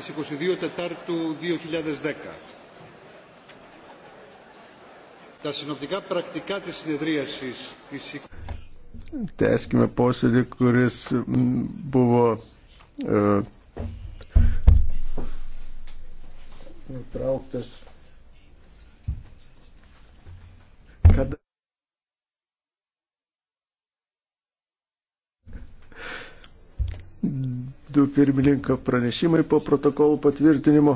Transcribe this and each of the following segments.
στις 22 Τετάρτου 2010. Τα συνοπτικά πρακτικά της συνεδρίασης της... Tęskime posėdį, kuris buvo uh, nutrauktas. Kada du pirmininko pranešimai po protokolų patvirtinimo.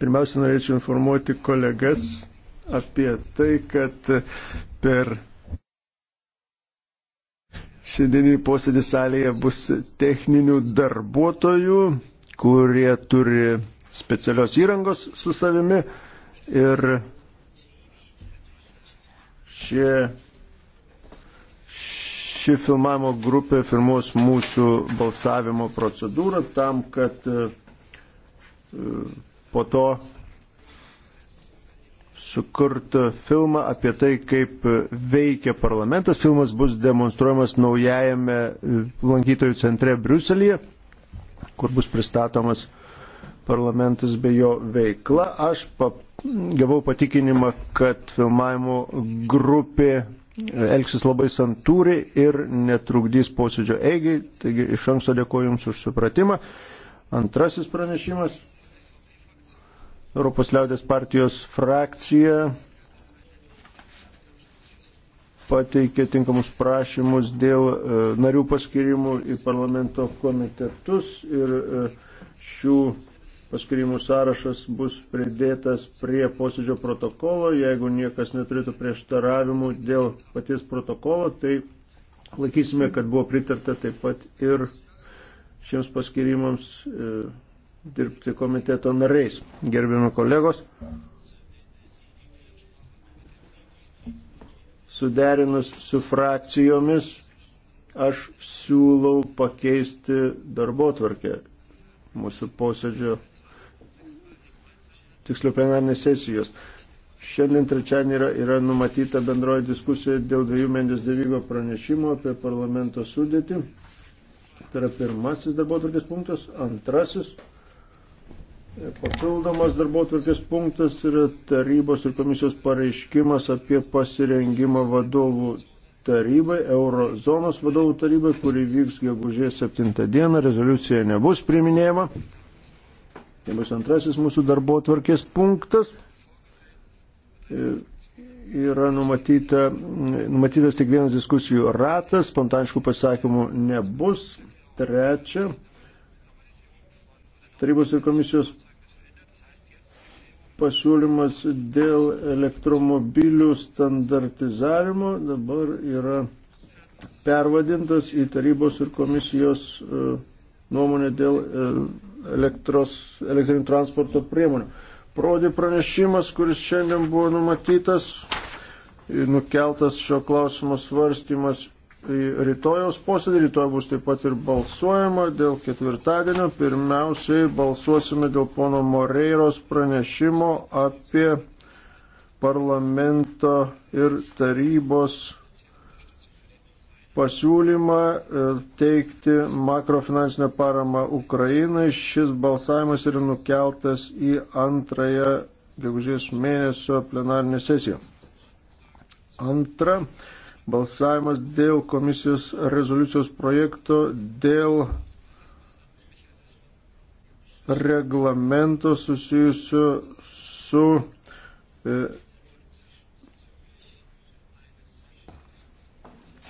Pirmiausia, norėčiau informuoti kolegas apie tai, kad per šiandieninį posėdį salėje bus techninių darbuotojų, kurie turi specialios įrangos su savimi ir šie Ši filmavimo grupė filmuos mūsų balsavimo procedūrą tam, kad e, po to sukurtų filmą apie tai, kaip veikia parlamentas. Filmas bus demonstruojamas naujajame e, lankytojų centre Briuselėje, kur bus pristatomas parlamentas bei jo veikla. Aš pap, gavau patikinimą, kad filmavimo grupė elgsis labai santūriai ir netrukdys posėdžio eigai. Taigi iš anksto dėkoju Jums už supratimą. Antrasis pranešimas. Europos liaudės partijos frakcija pateikė tinkamus prašymus dėl e, narių paskirimų į parlamento komitetus ir e, šių paskirimų sąrašas bus pridėtas prie posėdžio protokolo. Jeigu niekas neturėtų prieštaravimų dėl paties protokolo, tai laikysime, kad buvo pritarta taip pat ir šiems paskirimams e, dirbti komiteto nariais. Gerbiami kolegos, suderinus su frakcijomis, aš siūlau pakeisti darbo tvarkę mūsų posėdžio tiksliau plenarinės sesijos. Šiandien trečiadienį yra, yra numatyta bendroji diskusija dėl dviejų Mendes Devygo pranešimo apie parlamento sudėtį. Tai yra pirmasis darbotvarkės punktas, antrasis. E, papildomas darbotvarkės punktas yra tarybos ir komisijos pareiškimas apie pasirengimą vadovų tarybai, eurozonos vadovų tarybai, kuri vyks gegužės 7 dieną. Rezoliucija nebus priminėjama. Tai bus antrasis mūsų darbo tvarkės punktas. E, yra numatyta, numatytas tik vienas diskusijų ratas, spontaniškų pasakymų nebus. Trečia, tarybos ir komisijos pasiūlymas dėl elektromobilių standartizavimo dabar yra pervadintas į tarybos ir komisijos e, nuomonę dėl e, elektros, elektrinių transporto priemonių. Prodi pranešimas, kuris šiandien buvo numatytas, nukeltas šio klausimo svarstymas į rytojaus posėdį. Rytoj bus taip pat ir balsuojama dėl ketvirtadienio. Pirmiausiai balsuosime dėl pono Moreiros pranešimo apie parlamento ir tarybos pasiūlymą e, teikti makrofinansinę paramą Ukrainai. Šis balsavimas yra nukeltas į antrąją gegužės mėnesio plenarinę sesiją. Antra, balsavimas dėl komisijos rezoliucijos projekto dėl reglamento susijusiu su e,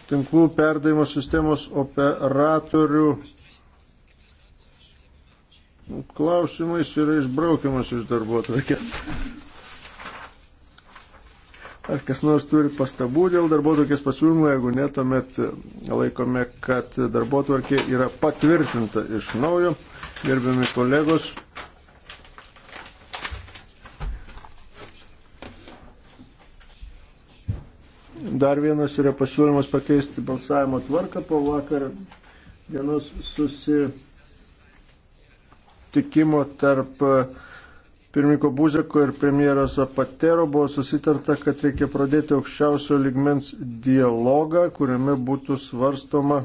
tinklų perdavimo sistemos operatorių klausimais yra išbraukiamas iš darbo atvarkės. Ar kas nors turi pastabų dėl darbo tvarkės pasiūlymų, jeigu ne, tuomet laikome, kad darbo tvarkė yra patvirtinta iš naujo. Gerbiami kolegos, Dar vienas yra pasiūlymas pakeisti balsavimo tvarką po vakar dienos susitikimo tarp pirmininko Buzeko ir premjeros Zapatero buvo susitarta, kad reikia pradėti aukščiausio ligmens dialogą, kuriame būtų svarstoma,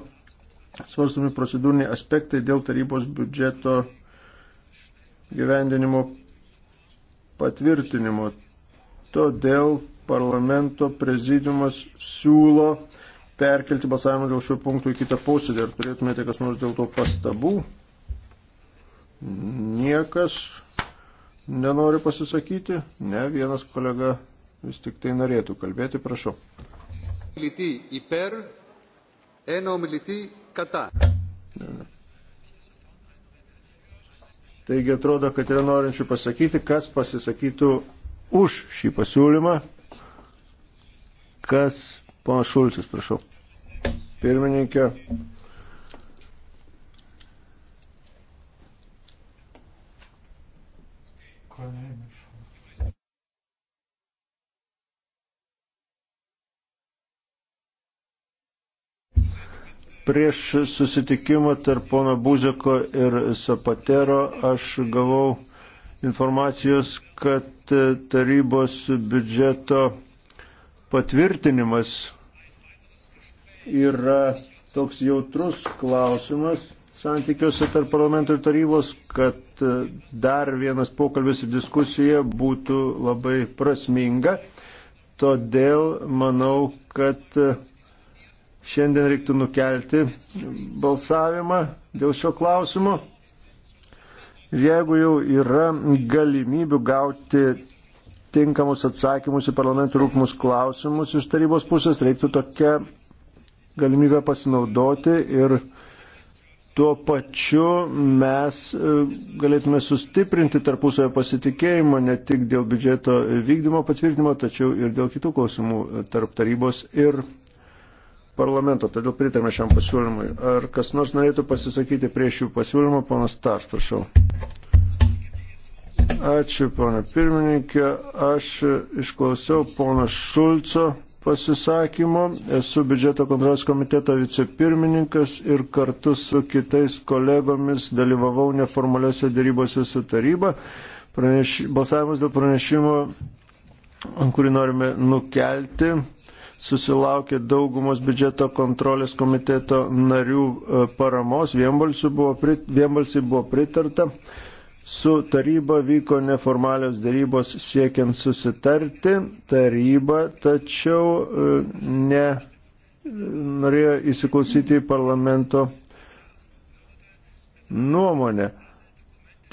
svarstomi procedūriniai aspektai dėl tarybos biudžeto gyvendinimo patvirtinimo. Todėl parlamento prezidiumas siūlo perkelti balsavimą dėl šio punktų į kitą posėdį. Ar turėtumėte kas nors dėl to pastabų? Niekas nenori pasisakyti? Ne, vienas kolega vis tik tai norėtų kalbėti, prašau. Taigi atrodo, kad yra norinčių pasakyti, kas pasisakytų už šį pasiūlymą kas, ponas Šulcis, prašau. Pirmininkė. Prieš susitikimą tarp pono Buzeko ir Sapatero aš gavau informacijos, kad tarybos biudžeto patvirtinimas yra toks jautrus klausimas santykiuose tarp parlamento ir tarybos, kad e, dar vienas pokalbis ir diskusija būtų labai prasminga. Todėl manau, kad e, šiandien reiktų nukelti balsavimą dėl šio klausimo. Ir jeigu jau yra galimybių gauti tinkamus atsakymus į parlamentų rūkmus klausimus iš tarybos pusės, reiktų tokią galimybę pasinaudoti ir tuo pačiu mes e, galėtume sustiprinti tarpusavio pasitikėjimą ne tik dėl biudžeto vykdymo patvirtinimo, tačiau ir dėl kitų klausimų e, tarp tarybos ir parlamento. Todėl pritarėme šiam pasiūlymui. Ar kas nors norėtų pasisakyti prieš jų pasiūlymą, ponas Tars, prašau. Ačiū, pana pirmininkė. Aš išklausiau pono Šulco pasisakymo. Esu biudžeto kontrolės komiteto vicepirmininkas ir kartu su kitais kolegomis dalyvavau neformaliuose dėrybose su taryba. Praneš... Balsavimas dėl pranešimo, kurį norime nukelti, susilaukė daugumos biudžeto kontrolės komiteto narių e, paramos. Vienbalsiai buvo, prit... Vienbalsiai buvo pritarta. Su taryba vyko neformalios dėrybos siekiant susitarti. Taryba tačiau e, ne norėjo įsiklausyti į parlamento nuomonę.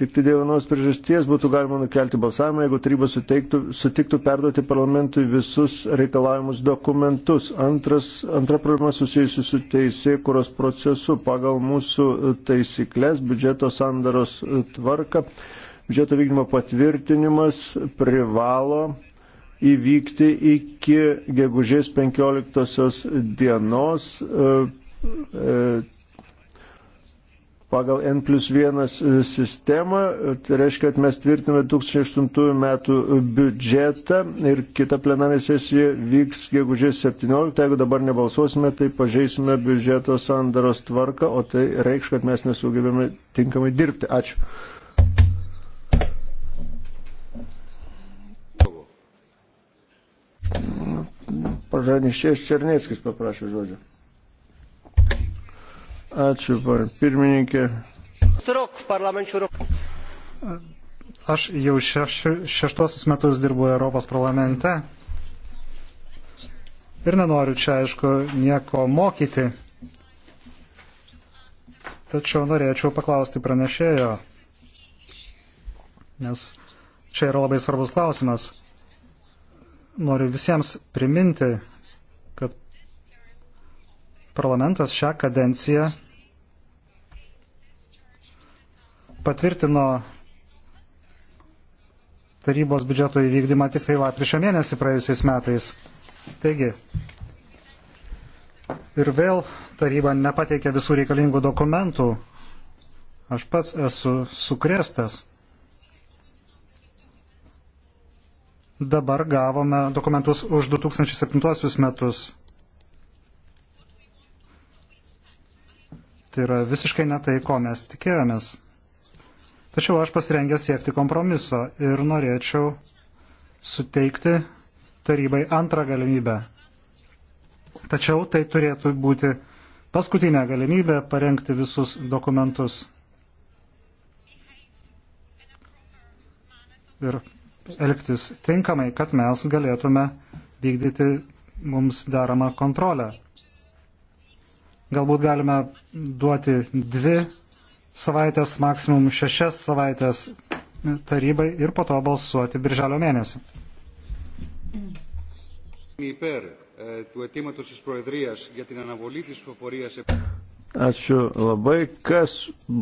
Tik tai dėl vienos priežasties būtų galima nukelti balsavimą, jeigu taryba suteiktų, sutiktų perduoti parlamentui visus reikalavimus dokumentus. Antras, antra problema susijusi su teisėkuros procesu. Pagal mūsų taisyklės biudžeto sandaros tvarka, biudžeto vykdymo patvirtinimas privalo įvykti iki gegužės 15 dienos. E, e, pagal N plus 1 e, sistemą. E, tai reiškia, kad mes tvirtiname 2008 metų biudžetą ir kita plenarinė sesija vyks gegužės 17. Jeigu dabar nebalsuosime, tai pažeisime biudžeto sandaros tvarką, o tai reikš, kad mes nesugebėme tinkamai dirbti. Ačiū. Pažanišės Černieckis paprašė žodžio. Ačiū, pirmininkė. Aš jau šeš, šeštuosius metus dirbu Europos parlamente ir nenoriu čia, aišku, nieko mokyti. Tačiau norėčiau paklausti pranešėjo, nes čia yra labai svarbus klausimas. Noriu visiems priminti, parlamentas šią kadenciją patvirtino tarybos biudžeto įvykdymą tik tai lapkričio mėnesį praėjusiais metais. Taigi, ir vėl taryba nepateikė visų reikalingų dokumentų. Aš pats esu sukrėstas. Dabar gavome dokumentus už 2007 metus. Tai yra visiškai ne tai, ko mes tikėjomės. Tačiau aš pasirengęs siekti kompromiso ir norėčiau suteikti tarybai antrą galimybę. Tačiau tai turėtų būti paskutinė galimybė parengti visus dokumentus. Ir elgtis tinkamai, kad mes galėtume vykdyti mums daromą kontrolę. Galbūt galime duoti dvi savaitės, maksimum šešias savaitės tarybai ir po to balsuoti birželio mėnesį. Ačiū labai, kas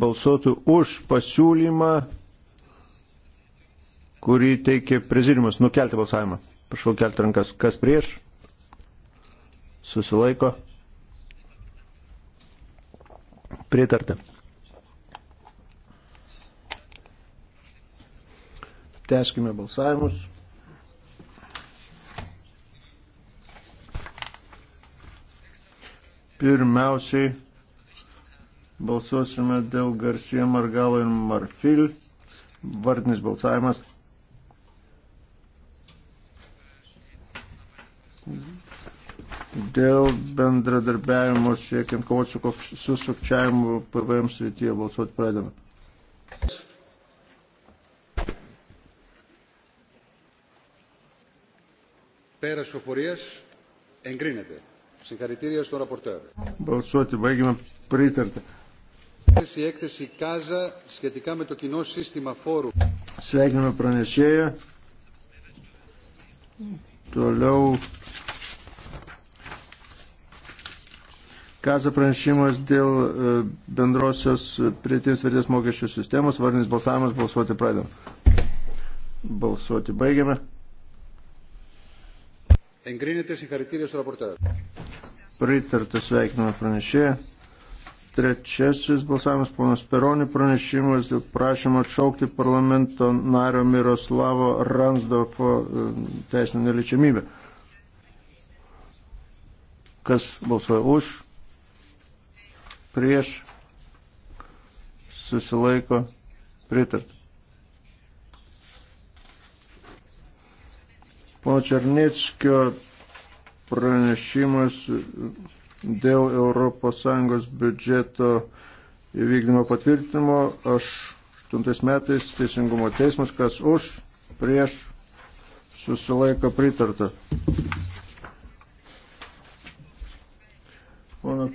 balsuotų už pasiūlymą, kurį teikė prezidiumas, nukelti balsavimą. Prašau kelti rankas, kas prieš, susilaiko. Pritarta. Teskime balsavimus. Pirmiausiai balsuosime dėl Garcia Margalo ir Marfil. Vardinis balsavimas. Mhm dėl bendradarbiavimo siekiant kovoti su, su sukčiavimu PVM srityje balsuoti pradedame. Πέρα σοφορία εγκρίνεται. Συγχαρητήρια στον ραπορτέρ. Balsuoti baigime pritartą. Η έκθεση Κάζα σχετικά με το κοινό σύστημα φόρου. Sveikiname pranešėją. Toliau Kaza pranešimas dėl e, bendrosios e, prietinės vertės mokesčių sistemos, varnis balsavimas, balsuoti pradėm. Balsuoti baigiame. Engrinėtis į karityrį su raportavę. Pritartas sveikiname pranešėją. Trečiasis balsavimas, ponas Peroni, pranešimas dėl prašymo atšaukti parlamento nario Miroslavo Ransdorfo e, teisinę neliečiamybę. Kas balsuoja už? prieš susilaiko pritarta. Pono Černieckio pranešimas dėl ES biudžeto įvykdymo patvirtinimo. Aš 8 metais Teisingumo teismas, kas už, prieš, susilaiko pritarta. Pono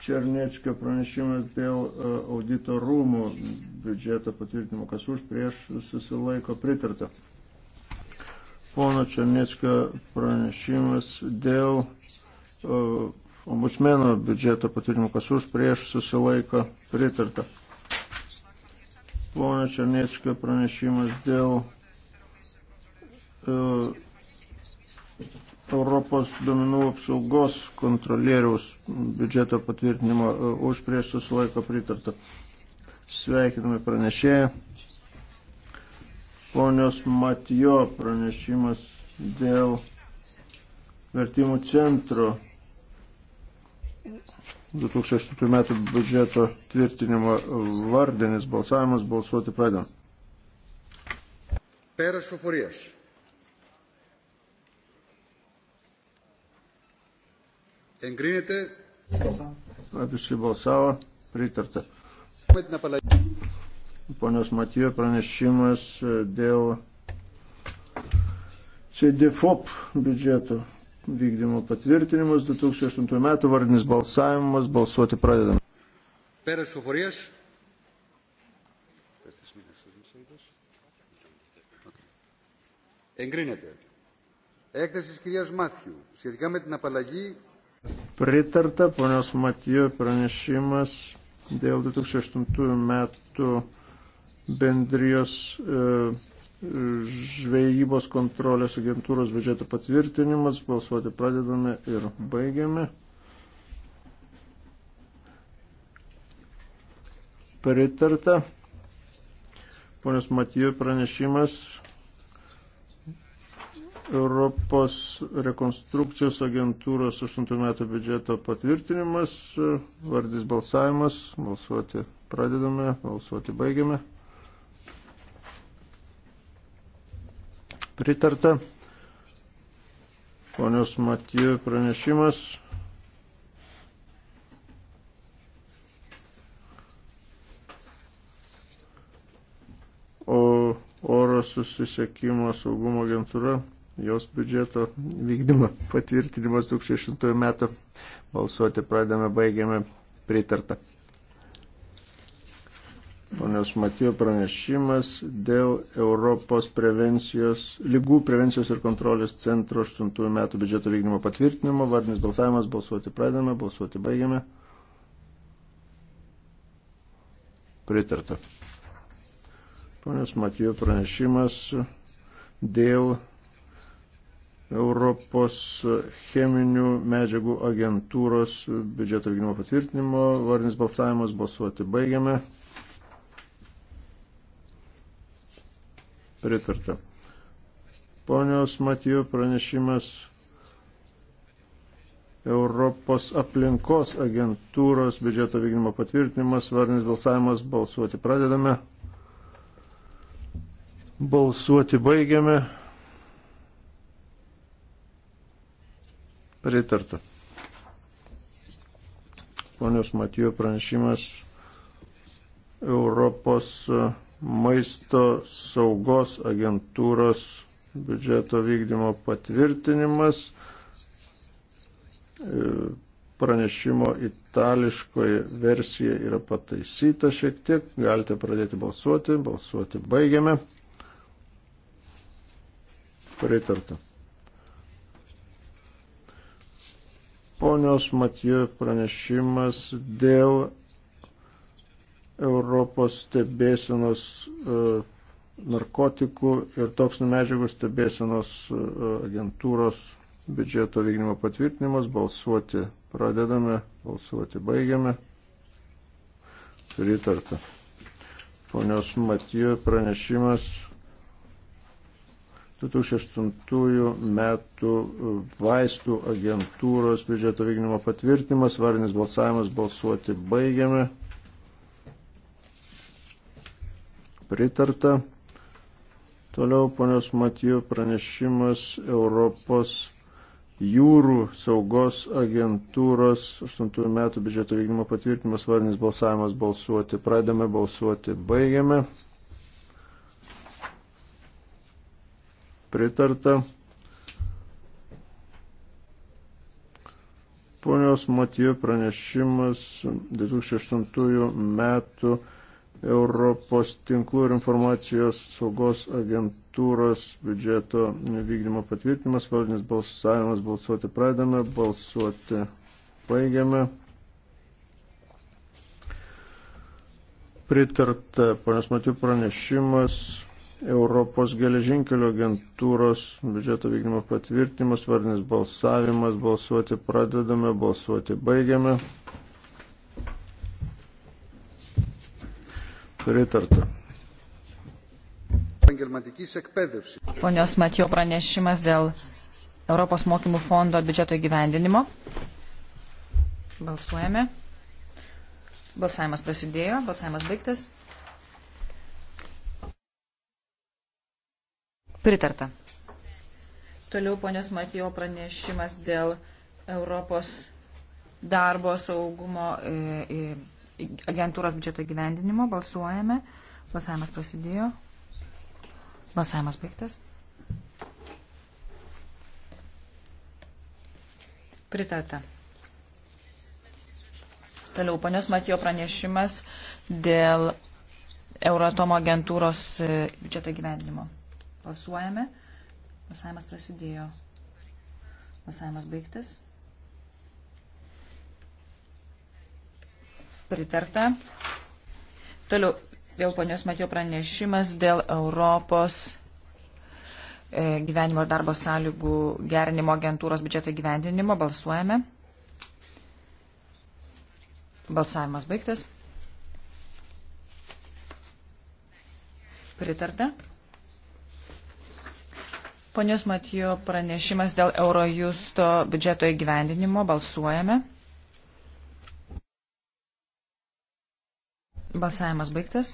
Černieckio pranešimas dėl e, audito rūmų biudžeto patvirtinimo, kas už prieš susilaiko pritarta. Pono Černieckio pranešimas dėl e, ombudsmeno biudžeto patvirtinimo, kas už prieš susilaiko pritarta. Pono Černieckio pranešimas dėl uh, Europos duomenų apsaugos kontrolieriaus biudžeto patvirtinimo e, už prieš susilaiko pritarta. Sveikiname pranešėją. Ponios Matijo pranešimas dėl vertimų centro 2008 metų biudžeto tvirtinimo vardinis balsavimas balsuoti pradėm. Pėras Šuforijas. Εγκρίνεται. Απίσης balsavo. Pritarta. Ponios Matijo pranešimas dėl CDFOP biudžeto vykdymo patvirtinimas 2008 metų vardinis balsavimas. Balsuoti pradedam. Peres Uforijas. Εγκρίνεται. Έκθεση της κυρίας Μάθιου σχετικά με την απαλλαγή Pritarta ponios Matijo pranešimas dėl 2008 metų bendrijos e, žvejybos kontrolės agentūros biudžeto patvirtinimas. Balsuoti pradedame ir baigiame. Pritarta. Ponios Matijo pranešimas Europos rekonstrukcijos agentūros 8 metų biudžeto patvirtinimas, vardys balsavimas, balsuoti pradedame, balsuoti baigiame. Pritarta. Ponios Matijų pranešimas. O oro susisiekimo saugumo agentūra jos biudžeto vykdymo patvirtinimas 2006 metų. Balsuoti pradame, baigiame pritartą. Ponios Matijo pranešimas dėl Europos prevencijos, lygų prevencijos ir kontrolės centro 8 metų biudžeto vykdymo patvirtinimo. Vardinis balsavimas, balsuoti pradame, balsuoti baigiame. Pritarta. Ponios Matijo pranešimas dėl Europos cheminių medžiagų agentūros biudžeto vykdymo patvirtinimo. Vardinis balsavimas balsuoti baigiame. Pritarta. Ponios Matijų pranešimas Europos aplinkos agentūros biudžeto vykdymo patvirtinimas. Vardinis balsavimas balsuoti pradedame. Balsuoti baigiame. Pritarta. Ponios Matijo pranešimas Europos e, maisto saugos agentūros biudžeto vykdymo patvirtinimas e, pranešimo itališkoje versija yra pataisyta šiek tiek. Galite pradėti balsuoti. Balsuoti baigiame. Pritarta. Ponios Matijų pranešimas dėl Europos stebėsenos e, narkotikų ir toksinių medžiagų stebėsenos e, agentūros biudžeto vykdymo patvirtinimas. Balsuoti pradedame, balsuoti baigiame. Pritarta. Ponios Matijo pranešimas 2008 metų e, vaistų agentūros biudžeto vykdymo patvirtinimas, varinis balsavimas, balsuoti baigiame. Pritarta. Toliau ponios Matijų pranešimas Europos jūrų saugos agentūros 8 metų biudžeto vykdymo patvirtinimas, varinis balsavimas, balsuoti pradame, balsuoti baigiame. pritarta. Ponios Matijų pranešimas 2008 metų Europos tinklų ir informacijos saugos agentūros biudžeto vykdymo patvirtinimas, valdinis balsavimas, balsuoti pradame, balsuoti baigiame. Pritarta ponios Matijų pranešimas Europos geležinkelio agentūros biudžeto vykdymo patvirtinimas, vardinis balsavimas, balsuoti pradedame, balsuoti baigiame. Pritarta. Ponios Matijo pranešimas dėl Europos mokymų fondo biudžeto įgyvendinimo. Balsuojame. Balsavimas prasidėjo, balsavimas baigtas. Pritarta. Toliau ponios Matijo pranešimas dėl Europos darbo saugumo e, e, agentūros biudžeto gyvendinimo. Balsuojame. Balsavimas prasidėjo. Balsavimas baigtas. Pritarta. Toliau panios Matijo pranešimas dėl Euratomo agentūros e, biudžeto gyvendinimo. Balsuojame. Balsavimas prasidėjo. Balsavimas baigtas. Pritarta. Toliau vėl ponios Matijo pranešimas dėl Europos e, gyvenimo ir darbo sąlygų gerinimo agentūros biudžeto įgyvendinimo. Balsuojame. Balsavimas baigtas. Pritarta. Ponios Matijo pranešimas dėl Eurojusto biudžeto įgyvendinimo. Balsuojame. Balsavimas baigtas.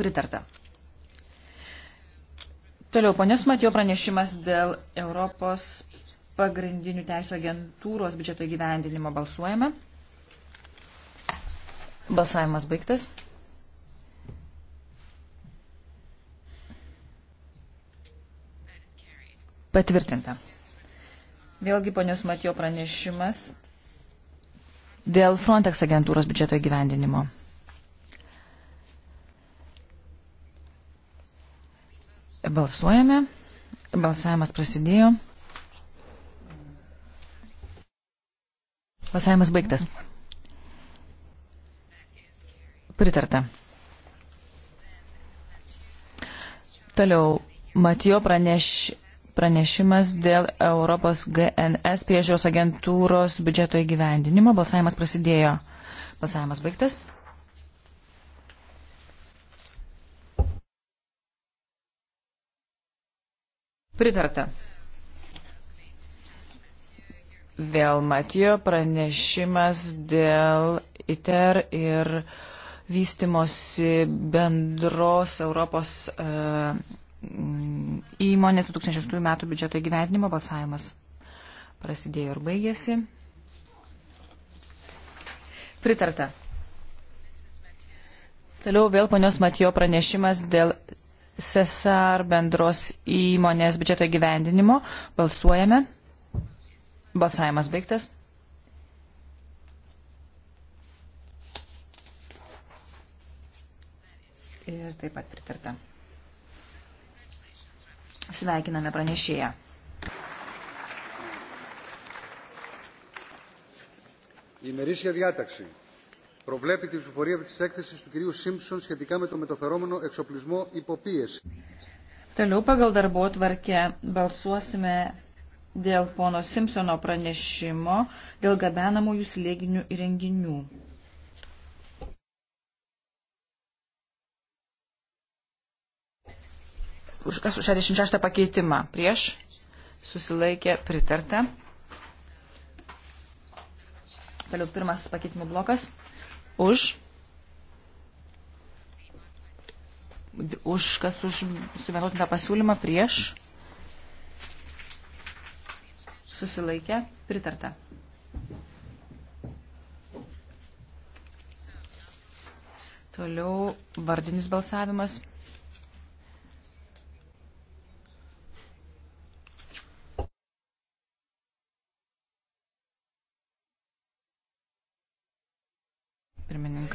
Pritarta. Toliau, ponios Matijo pranešimas dėl Europos pagrindinių teisų agentūros biudžeto įgyvendinimo. Balsuojame. Balsavimas baigtas. Patvirtinta. Vėlgi ponios Matijo pranešimas dėl Frontex agentūros biudžeto įgyvendinimo. Balsuojame. Balsavimas prasidėjo. Balsavimas baigtas. Pritarta. Toliau Matijo praneš pranešimas dėl Europos GNS priežiūros agentūros biudžeto įgyvendinimo. Balsavimas prasidėjo. Balsavimas baigtas. Pritarta. Vėl Matijo pranešimas dėl ITER ir vystimosi bendros Europos uh, įmonės 2006 metų biudžeto įgyvendinimo balsavimas prasidėjo ir baigėsi. Pritarta. Toliau vėl ponios Matijo pranešimas dėl Cesar bendros įmonės biudžeto įgyvendinimo. Balsuojame. Balsavimas baigtas. Ir taip pat pritarta. Sveikiname pranešėją. Η ημερήσια διάταξη προβλέπει την ψηφορία της έκθεσης του κυρίου Σίμψον σχετικά με το μεταφερόμενο εξοπλισμό υποπίεση. Toliau pagal darbo tvarkę balsuosime dėl pono Simpsono pranešimo dėl gabenamųjų slėginių įrenginių. už 66 pakeitimą. Prieš susilaikė pritarta. Toliau pirmasis pakeitimų blokas. Už. Už kas už suvienotintą pasiūlymą prieš. Susilaikė pritarta. Toliau vardinis balsavimas.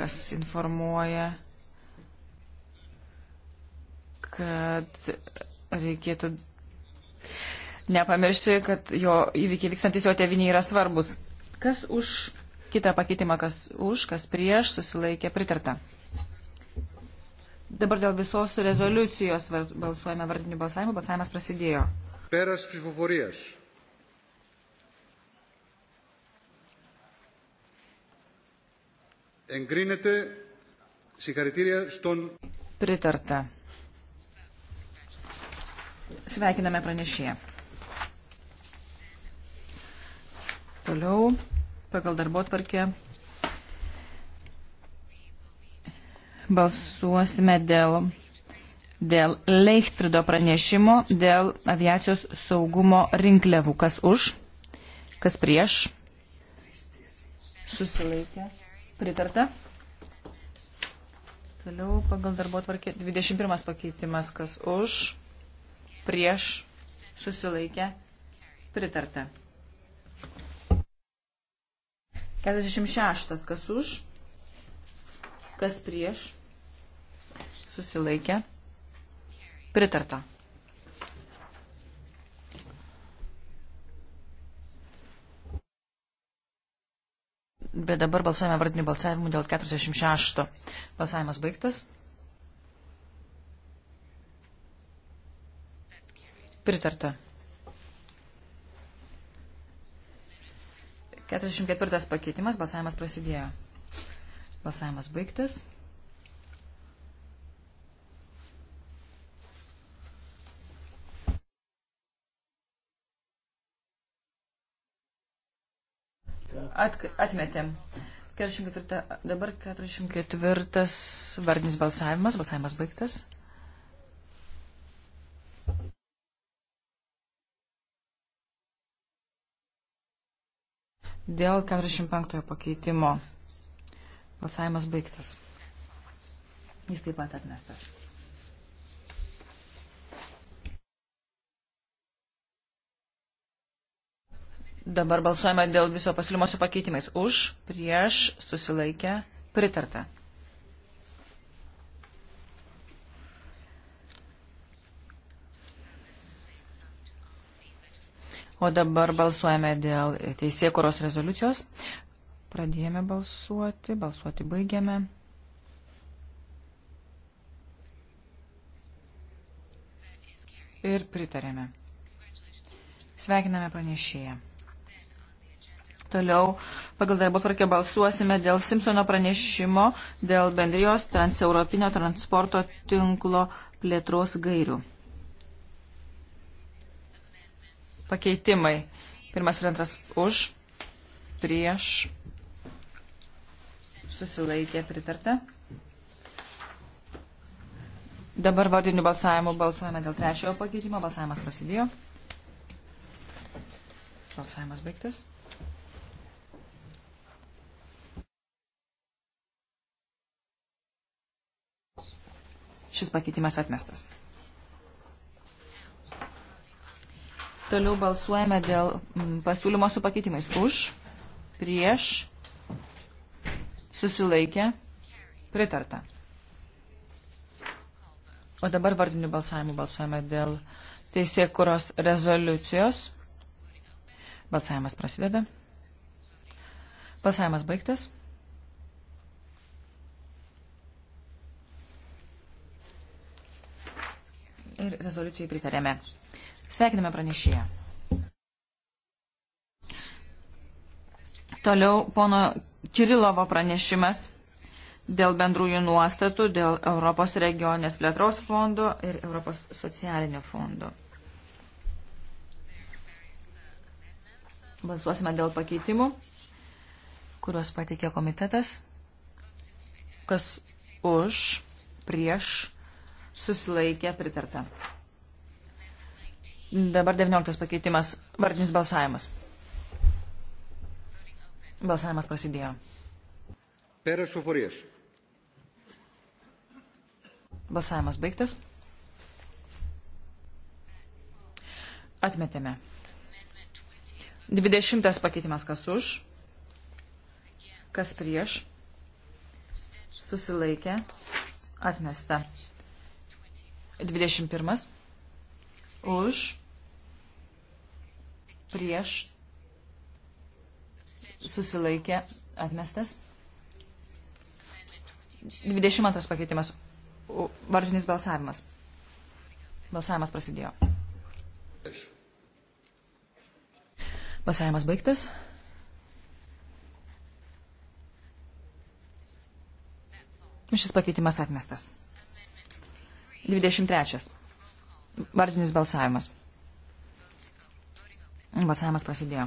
Europolas informuoja, kad reikėtų nepamiršti, kad jo įvykiai vykstantis jo teviniai yra svarbus. Kas už kitą pakeitimą, kas už, kas prieš, susilaikė pritarta. Dabar dėl visos rezoliucijos balsuojame vardiniu balsavimu. Balsavimas prasidėjo. Peras psichoforijas. Εγκρίνεται. Συγχαρητήρια στον. Pritarta. Sveikiname pranešėją. Toliau, pagal darbo tvarkę, balsuosime dėl, dėl Leichtfrido pranešimo, dėl aviacijos saugumo rinkliavų. Kas už, kas prieš, susilaikė Pritarta. Toliau pagal darbo tvarkė 21 pakeitimas, kas už, prieš, susilaikė, pritarta. 46, kas už, kas prieš, susilaikė, pritarta. Bet dabar balsuojame vardinių balsavimų dėl 46. Balsavimas baigtas. Pritarta. 44 pakeitimas. Balsavimas prasidėjo. Balsavimas baigtas. At, atmetėm. 44, dabar 44 vardinis balsavimas, balsavimas baigtas. Dėl 45 pakeitimo balsavimas baigtas. Jis taip pat atmestas. Dabar balsuojame dėl viso pasiūlymo su pakeitimais. Už, prieš, susilaikę, pritarta. O dabar balsuojame dėl teisėkuros rezoliucijos. Pradėjome balsuoti, balsuoti baigėme. Ir pritarėme. Sveikiname pranešėją. Toliau pagal darbo tvarkę balsuosime dėl Simpsono pranešimo dėl bendrijos transeuropinio transporto tinklo plėtros gairių. Pakeitimai. Pirmas ir antras už, prieš, susilaikė pritarta. Dabar vardinių balsavimų balsuojame dėl trečiojo pakeitimo. Balsavimas prasidėjo. Balsavimas baigtas. Šis pakeitimas atmestas. Toliau balsuojame dėl mm, pasiūlymo su pakeitimais. Už, prieš, susilaikę, pritarta. O dabar vardiniu balsavimu balsuojame dėl teisėkuros rezoliucijos. Balsavimas prasideda. Balsavimas baigtas. ir rezoliucijai pritarėme. Sveikiname pranešėją. Toliau pono Kirilovo pranešimas dėl bendrųjų nuostatų, dėl Europos regionės plėtros fondo ir Europos socialinio fondo. Balsuosime dėl pakeitimų, kuriuos pateikė komitetas. Kas už, prieš, susilaikė pritarta. Dabar 19 pakeitimas, vardinis balsavimas. Balsavimas prasidėjo. Peres Šuforės. Balsavimas baigtas. Atmetėme. 20 pakeitimas kas už, kas prieš, susilaikė, atmesta. 21. Už. Prieš. Susilaikė. Atmestas. 22 pakeitimas. Vardinis balsavimas. Balsavimas prasidėjo. Balsavimas baigtas. Šis pakeitimas atmestas. 23. Vardinis balsavimas. Balsavimas prasidėjo.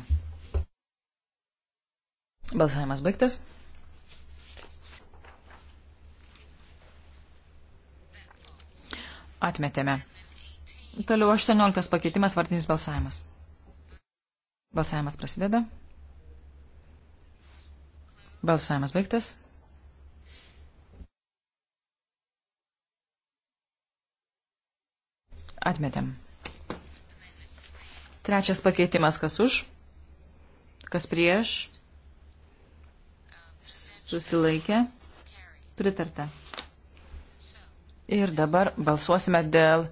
Balsavimas baigtas. Atmetėme. Toliau 18 pakeitimas, vardinis balsavimas. Balsavimas prasideda. Balsavimas baigtas. Atmetėm. Trečias pakeitimas, kas už, kas prieš, susilaikė, pritarta. Ir dabar balsuosime dėl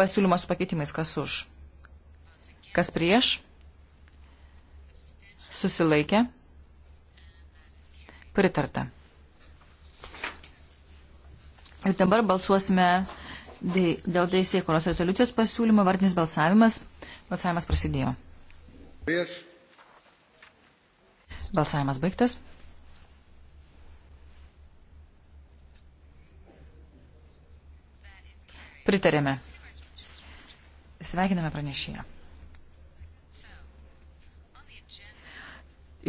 pasiūlymo su pakeitimais, kas už, kas prieš, susilaikė, pritarta. Ir dabar balsuosime Dėl teisėkuros rezoliucijos pasiūlymo vardinis balsavimas. Balsavimas prasidėjo. Prieš. Balsavimas baigtas. Pritarėme. Sveikiname pranešėją.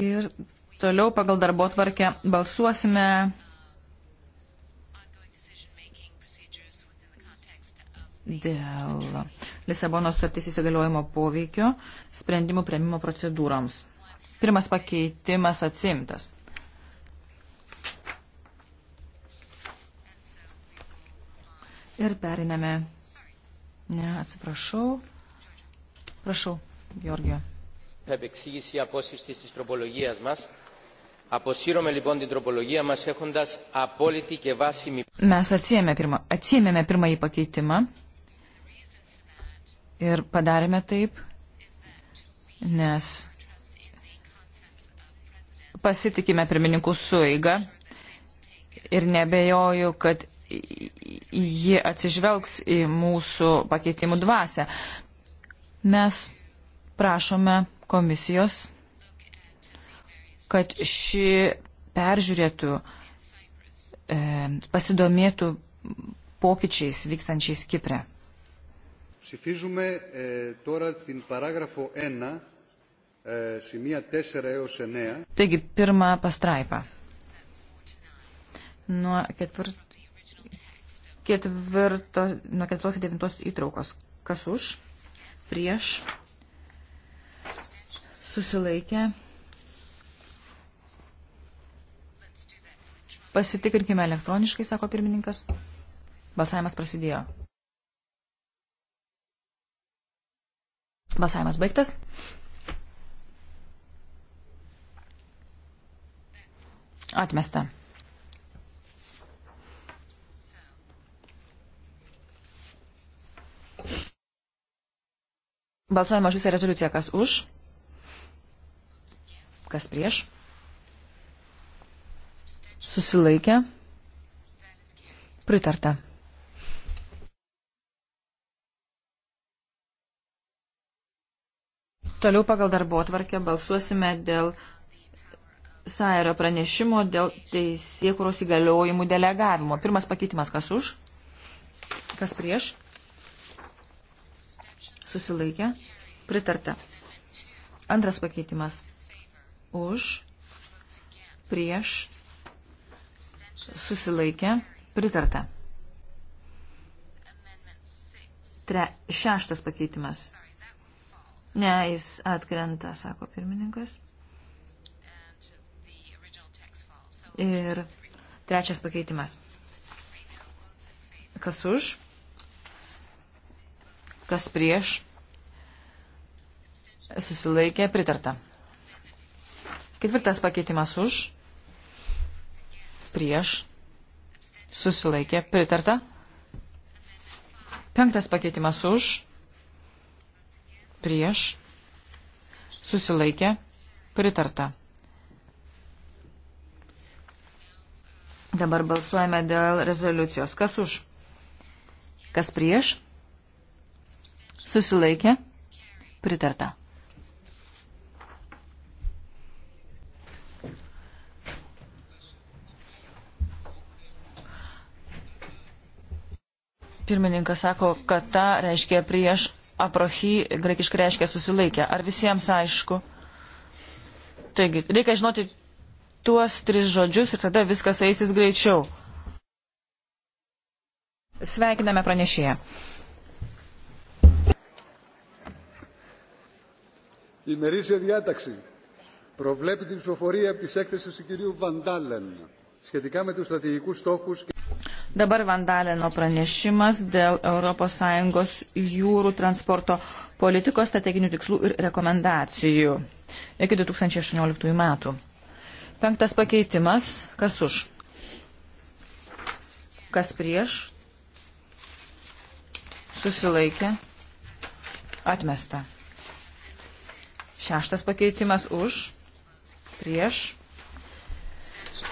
Ir toliau pagal darbo tvarkę balsuosime dėl Lisabonos sutartys įsigaliojimo poveikio sprendimų prieimimo procedūroms. Pirmas pakeitimas atsimtas. Ir periname. Ne, atsiprašau. Prašau, Georgio. Επεξήγηση απόσυρσης της τροπολογίας μας. Αποσύρουμε λοιπόν την τροπολογία μας έχοντας απόλυτη και βάσιμη... Mes atsiėmėme, pirma, atsiėmėme pirmąjį pakeitimą. Ir padarėme taip, nes pasitikime pirmininkų suiga ir nebejoju, kad ji atsižvelgs į mūsų pakeitimų dvasę. Mes prašome komisijos, kad ši peržiūrėtų, e, pasidomėtų pokyčiais vykstančiais Kipre. Ψηφίζουμε ε, τώρα την παράγραφο 1, ε, σημεία 4 έως 9. Taigi, pirmą pastraipą. Nuo ketvirto, ketvirto, nuo ketvirtos ir devintos įtraukos. Kas už? Prieš? Susilaikę? Pasitikrinkime elektroniškai, sako pirmininkas. Balsavimas prasidėjo. Balsavimas baigtas. Atmesta. Balsuojama už visą rezoliuciją, kas už, kas prieš. Susilaikė. Pritarta. Toliau pagal darbo atvarkę balsuosime dėl Sairio pranešimo dėl teisėkuros įgaliojimų delegavimo. Pirmas pakeitimas kas už? Kas prieš? Susilaikė? Pritarta. Antras pakeitimas. Už? Prieš? Susilaikė? Pritarta. Tre, šeštas pakeitimas. Ne, jis atkrenta, sako pirmininkas. Ir trečias pakeitimas. Kas už? Kas prieš? Susilaikė pritarta. Ketvirtas pakeitimas už. Prieš. Susilaikė pritarta. Penktas pakeitimas už prieš, susilaikė, pritarta. Dabar balsuojame dėl rezoliucijos. Kas už? Kas prieš? Susilaikė? Pritarta. Pirmininkas sako, kad ta reiškia prieš aprochy graikiškai reiškia susilaikę. Ar visiems aišku? Taigi, reikia žinoti tuos tris žodžius ir tada viskas eisis greičiau. Sveikiname pranešėją. Η μερίσια διάταξη προβλέπει την ψηφοφορία από τις έκθεσεις του κυρίου Βαντάλεν σχετικά με τους στρατηγικούς στόχους Dabar Vandaleno pranešimas dėl ES jūrų transporto politikos strateginių tikslų ir rekomendacijų iki 2018 metų. Penktas pakeitimas. Kas už? Kas prieš? Susilaikė. Atmesta. Šeštas pakeitimas už. Prieš.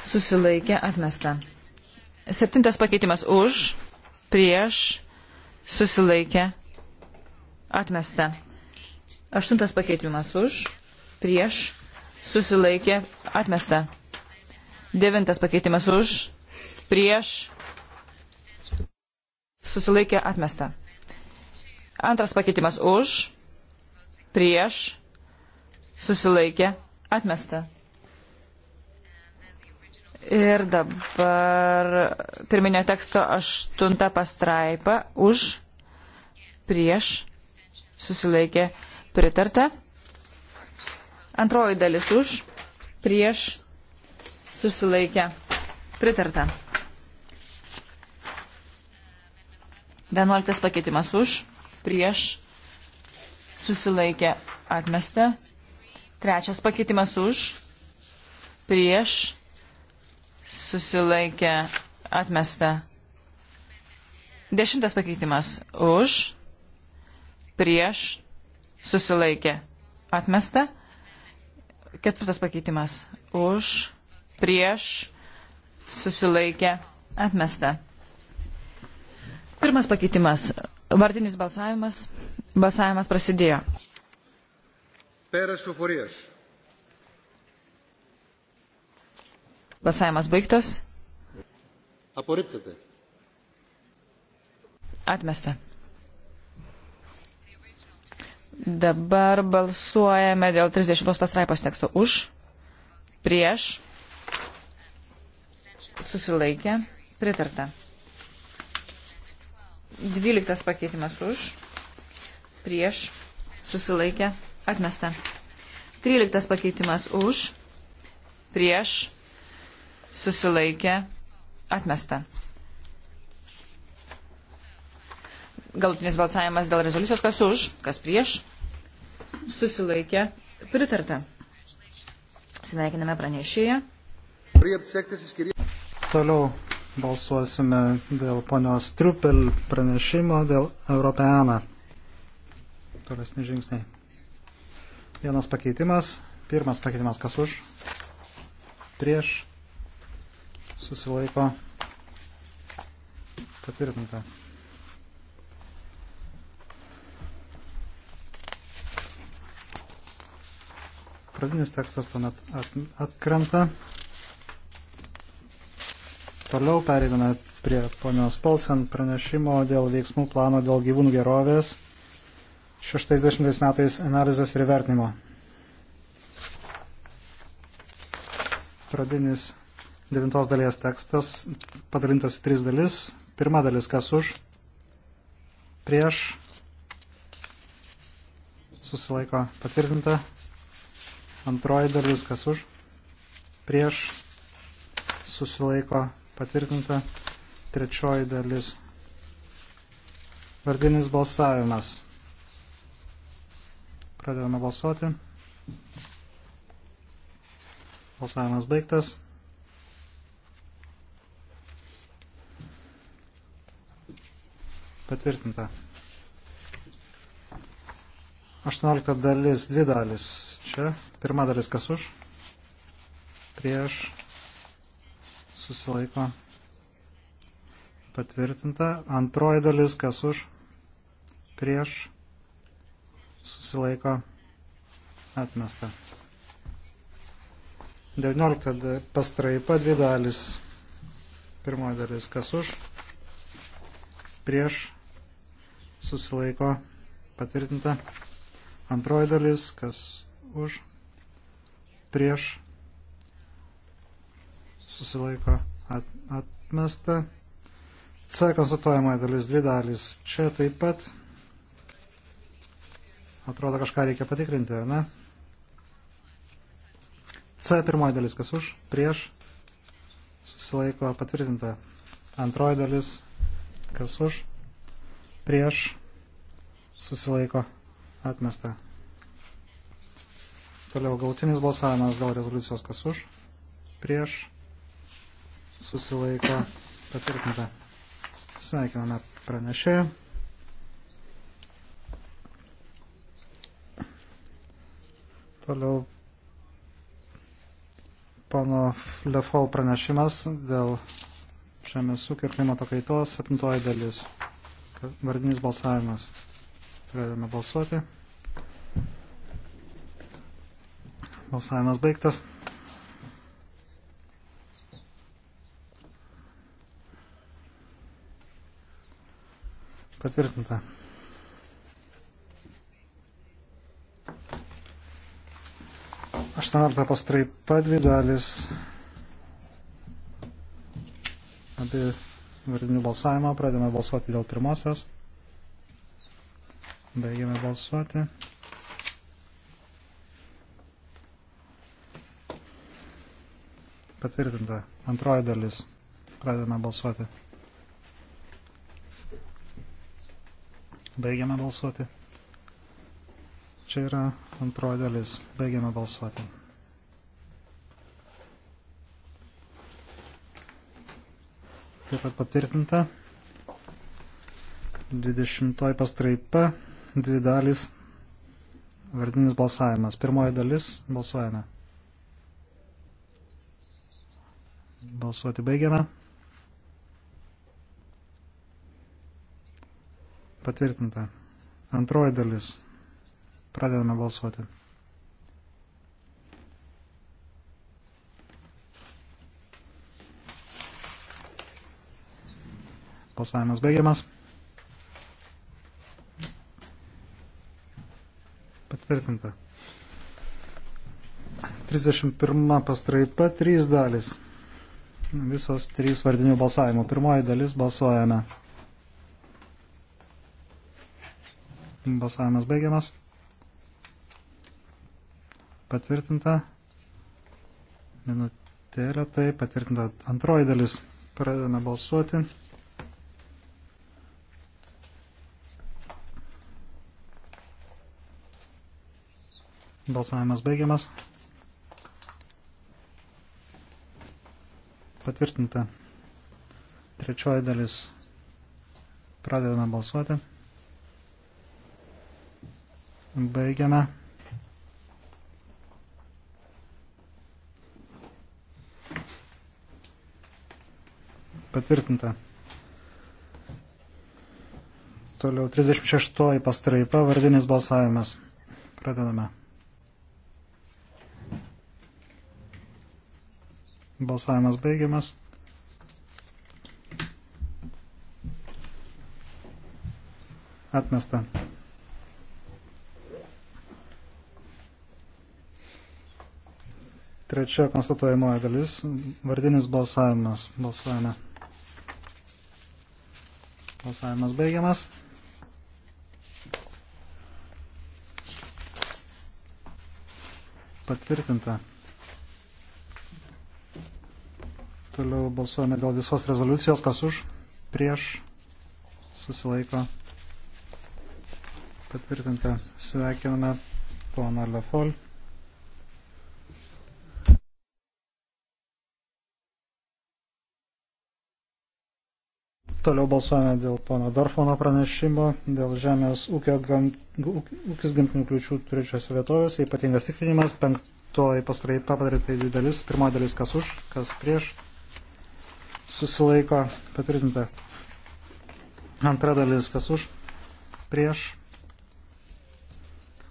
Susilaikė. Atmesta. Septintas pakeitimas už, prieš, susilaikę, atmesta. Aštuntas pakeitimas už, prieš, susilaikė, atmesta. Devintas pakeitimas už, prieš, susilaikė, atmesta. Antras pakeitimas už, prieš, susilaikė, atmesta. Ir dabar pirminio teksto aštunta pastraipa už, prieš, susilaikė, pritarta. Antroji dalis už, prieš, susilaikė, pritarta. Vienuoliktas pakeitimas už, prieš, susilaikė, atmesta. Trečias pakeitimas už, prieš, susilaikė atmesta. Dešimtas pakeitimas už, prieš, susilaikė atmesta. Ketvirtas pakeitimas už, prieš, susilaikė atmesta. Pirmas pakeitimas. Vardinis balsavimas. Balsavimas prasidėjo. Pėras Suforijas. Balsavimas baigtas. Apuriptate. Atmesta. Dabar balsuojame dėl 30 pastraipos teksto už, prieš, susilaikę, pritarta. 12 pakeitimas už, prieš, susilaikę, atmesta. 13 pakeitimas už, prieš, susilaikė, atmesta. Galutinis balsavimas dėl rezoliucijos, kas už, kas prieš, susilaikė, pritarta. Sveikiname pranešėją. Toliau balsuosime dėl ponios Triupel pranešimo dėl Europeana. Tolesni žingsniai. Vienas pakeitimas. Pirmas pakeitimas kas už? Prieš susilaiko patvirtinta. Pradinis tekstas tuomet atkrenta. Toliau pereidame prie ponios Polsen pranešimo dėl veiksmų plano dėl gyvūnų gerovės 60 metais analizės ir vertinimo. Pradinis Devintos dalies tekstas padalintas į tris dalis. Pirma dalis kas už, prieš, susilaiko patvirtinta. Antroji dalis kas už, prieš, susilaiko patvirtinta. Trečioji dalis. Vardinis balsavimas. Pradedame balsuoti. Balsavimas baigtas. Patvirtinta. 18 dalis, dvi dalis. Čia pirma dalis kas už, prieš, susilaiko. Patvirtinta. Antroji dalis kas už, prieš, susilaiko. Atmesta. 19 pastraipa, dvi dalis. Pirmoji dalis kas už, prieš, susilaiko patvirtinta. Antroji dalis, kas už, prieš, susilaiko at, atmesta. C konstatuojamoji dalis, dvi dalis. Čia taip pat, atrodo, kažką reikia patikrinti, ar ne? C pirmoji dalis, kas už, prieš, susilaiko patvirtinta. Antroji dalis, kas už, prieš susilaiko atmesta. Toliau gautinis balsavimas dėl rezoliucijos kas už, prieš susilaiko patvirtinta. Sveikiname pranešėją. Toliau pono Lefol pranešimas dėl žemės ūkio ir klimato kaitos septintoji dalis vardinis balsavimas. Pradedame balsuoti. Balsavimas baigtas. Patvirtinta. Aštuonarta pastraipa dvi dalis. Abi vardinių balsavimą. Pradėme balsuoti dėl pirmosios. Baigėme balsuoti. Patvirtinta. Antroji dalis. Pradėme balsuoti. Baigėme balsuoti. Čia yra antroji dalis. Baigėme balsuoti. taip pat patvirtinta. 20 pastraipa, dvi dalys, vardinis balsavimas. Pirmoji dalis, balsuojame. Balsuoti baigiame. Patvirtinta. Antroji dalis. Pradedame balsuoti. Balsavimas baigiamas. Patvirtinta. 31 pastraipa, 3 dalis. Visos 3 vardinių balsavimų. Pirmoji dalis balsuojame. Balsavimas baigiamas. Patvirtinta. Minutėlė, tai patvirtinta antroji dalis. Pradedame balsuoti. Balsavimas baigiamas. Patvirtinta. Trečioji dalis. Pradedame balsuoti. Baigiame. Patvirtinta. Toliau 36 pastraipa, vardinis balsavimas. Pradedame. Balsavimas baigiamas. Atmesta. Trečia konstatuojamoji dalis – vardinis balsavimas. Balsavime. Balsavimas baigiamas. Patvirtinta. Toliau balsuojame dėl visos rezoliucijos, kas už, prieš, susilaiko. Patvirtinta. Sveikiname poną Lefol. Toliau balsuojame dėl pono Darfono pranešimo, dėl žemės ūkio gam, ūkis gamtinių kliučių turinčios vietovės, ypatingas tikrinimas, penktoji pastraipa padaryta į dalis, pirmoji dalis kas už, kas prieš, susilaiko patvirtinta. Antra dalis, kas už, prieš,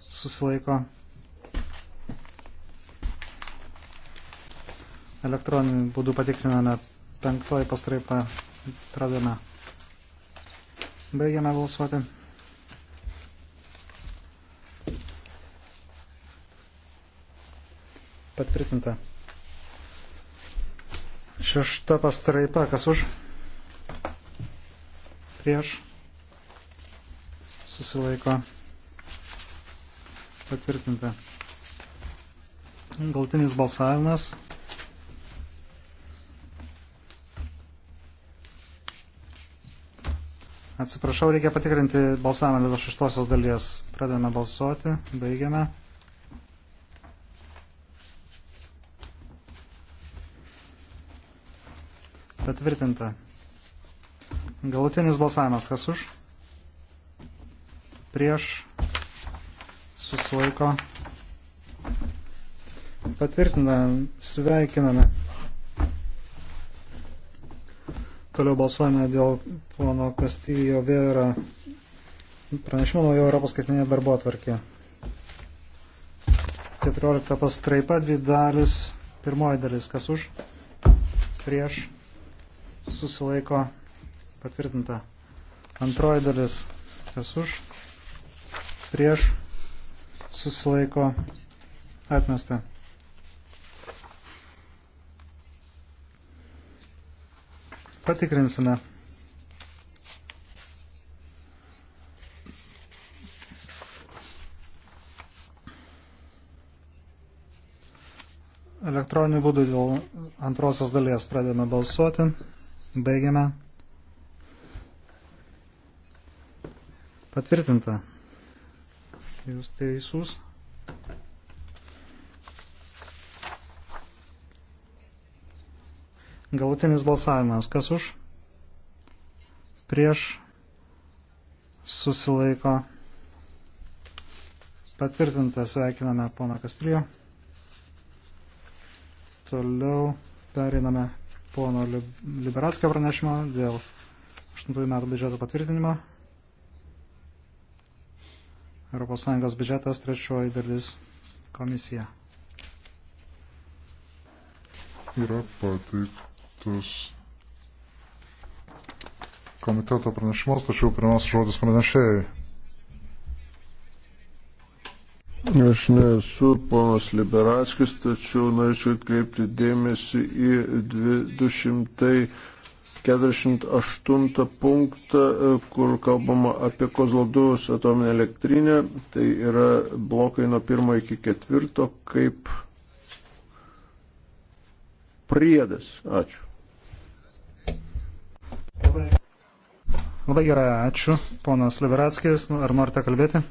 susilaiko. Elektroniniu būdu patikriname penktoji pastraipą, pradame. Baigiame balsuoti. Patvirtinta. Šešta pastraipa, kas už? Prieš. Susilaiko. Patvirtinta. Galtinis balsavimas. Atsiprašau, reikia patikrinti balsavimą dėl šeštosios dalies. Pradedame balsuoti, baigiame. Patvirtinta. Galutinis balsavimas. Kas už? Prieš. Susilaiko. Patvirtiname. Sveikiname. Toliau balsuojame dėl pono Kastijo Vėra pranešimo naujo Europos skaitmeninė darbo atvarkė. 14 pastraipa, dvi dalis, pirmoji dalis, kas už, prieš, susilaiko patvirtinta. Antroji dalis, kas už, prieš, susilaiko atmesta. Patikrinsime. elektroniniu būdu dėl antrosios dalies pradedame balsuoti. Baigiame. Patvirtinta. Jūs teisūs. Galutinis balsavimas. Kas už? Prieš susilaiko. Patvirtinta. Sveikiname poną Kastrijo. Toliau periname pono Liberatskio pranešimo dėl 8 metų biudžeto patvirtinimo. ES biudžetas trečioji dalis komisija. Yra pateiktas komiteto pranešimas, tačiau pirmas žodis pranešėjai. Aš nesu ponas Liberatskis, tačiau norėčiau atkreipti dėmesį į 248 punktą, kur kalbama apie Kozlodus atominę elektrinę. Tai yra blokai nuo pirmo iki ketvirto kaip priedas. Ačiū. Labai gerai, ačiū. Ponas Liberatskis, ar norite kalbėti?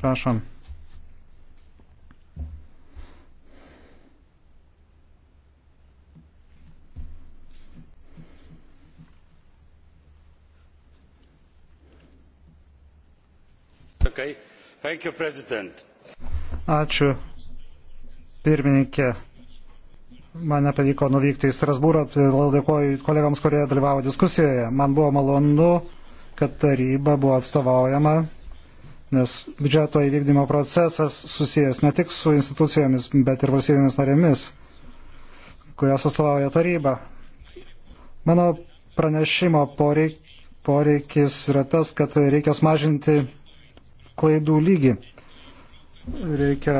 Prašom. Okay. Thank you, President. Ačiū, pirmininkė. Man nepavyko nuvykti į Strasbūrą, todėl dėkoju kolegams, kurie dalyvavo diskusijoje. Man buvo malonu, kad taryba buvo atstovaujama, nes biudžeto įvykdymo procesas susijęs ne tik su institucijomis, bet ir valstybėmis narėmis, kurias atstovauja taryba. Mano pranešimo poreik, poreikis yra tas, kad reikia sumažinti klaidų lygį. Reikia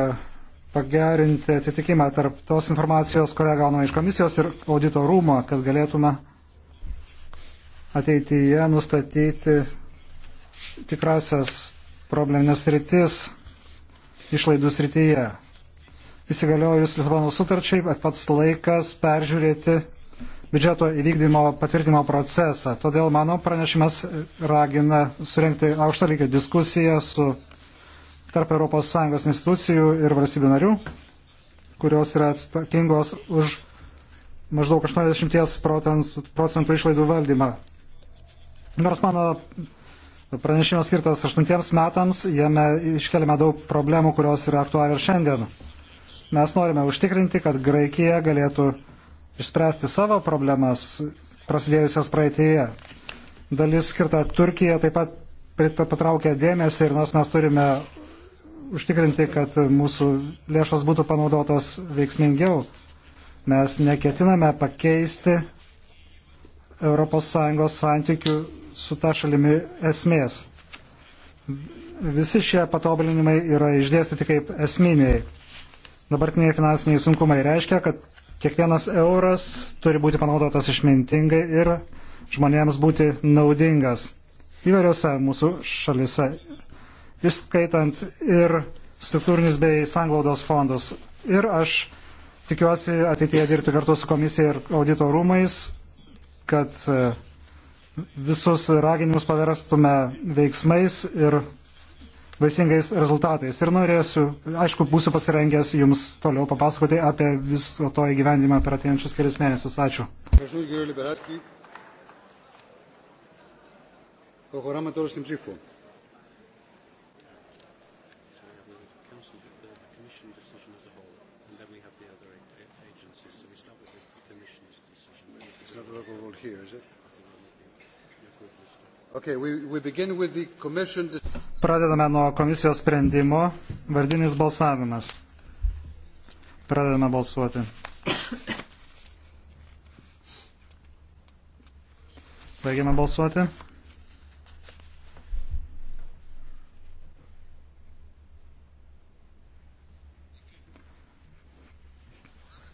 pagerinti atitikimą tarp tos informacijos, kurią gauname iš komisijos ir audito rūmo, kad galėtume ateityje nustatyti tikrasias probleminės rytis išlaidų srityje. Įsigaliojus Lisabono sutarčiai, bet pats laikas peržiūrėti biudžeto įvykdymo patvirtinimo procesą. Todėl mano pranešimas ragina surenkti aukšto lygio diskusiją su tarp ES institucijų ir valstybių narių, kurios yra atsakingos už maždaug 80 procentų išlaidų valdymą. Nors mano pranešimas skirtas 8 metams, jame iškeliame daug problemų, kurios yra aktualios šiandien. Mes norime užtikrinti, kad Graikija galėtų išspręsti savo problemas prasidėjusias praeitėje. Dalis skirta Turkija taip pat patraukė dėmesį ir nors mes turime užtikrinti, kad mūsų lėšos būtų panaudotos veiksmingiau, mes neketiname pakeisti ES santykių su ta šalimi esmės. Visi šie patobulinimai yra išdėstyti kaip esminiai. Dabartiniai finansiniai sunkumai reiškia, kad Kiekvienas euras turi būti panaudotas išmintingai ir žmonėms būti naudingas įvairiose mūsų šalise, išskaitant ir struktūrinis bei sanglaudos fondus. Ir aš tikiuosi ateityje dirbti kartu su komisija ir audito rūmais, kad e, visus raginimus paverstume veiksmais ir vaisingais rezultatais. Ir norėsiu, aišku, būsiu pasirengęs Jums toliau papasakoti apie viso to įgyvendimą per ateinančius kelias mėnesius. Ačiū. Προχωράμε τώρα στην ψήφο. It's not a local vote here, is it? Okay, we, we commission... Pradedame nuo komisijos sprendimo. Vardinis balsavimas. Pradedame balsuoti. Baigiame balsuoti.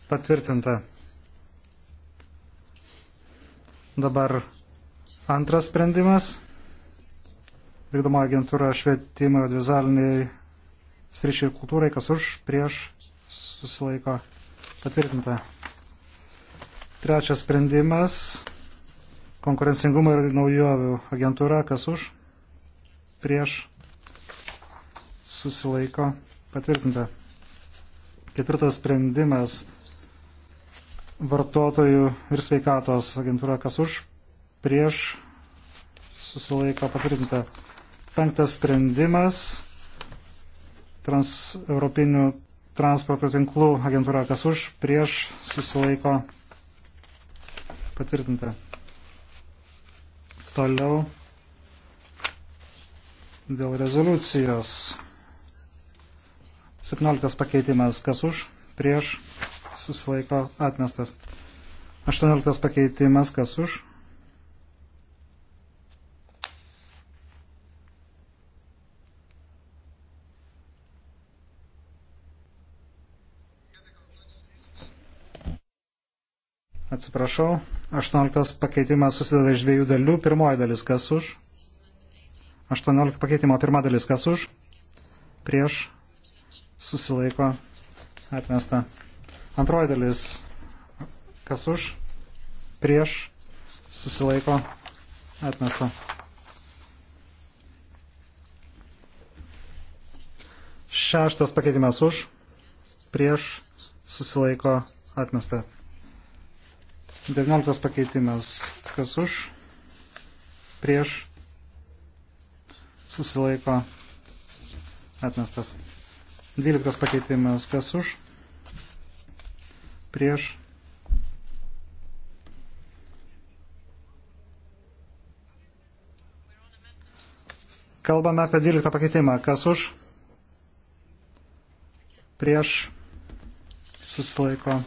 Patvirtinta. Dabar Antras sprendimas - vykdoma agentūra švietimo audiovizualiniai sričiai kultūrai, kas už, prieš, susilaiko patvirtinta. Trečias sprendimas - konkurencingumo ir naujovių agentūra, kas už, prieš, susilaiko patvirtinta. Ketvirtas sprendimas - vartotojų ir sveikatos agentūra, kas už, prieš susilaiko patvirtinta. Penktas sprendimas transeuropinių transporto tinklų agentūra, kas už, prieš susilaiko patvirtinta. Toliau dėl rezoliucijos. 17 pakeitimas, kas už, prieš susilaiko atmestas. 18 pakeitimas, kas už, Atsiprašau, 18 pakeitimas susideda iš dviejų dalių. Pirmoji dalis kas už. 18 pakeitimo pirma dalis kas už. Prieš susilaiko atmesta. Antroji dalis kas už. Prieš susilaiko atmesta. Šeštas pakeitimas už. Prieš susilaiko atmesta. 19 pakeitimas. Kas už? Prieš? Susilaiko? Atmestas. 12 pakeitimas. Kas už? Prieš? Kalbame apie 12 pakeitimą. Kas už? Prieš? Susilaiko?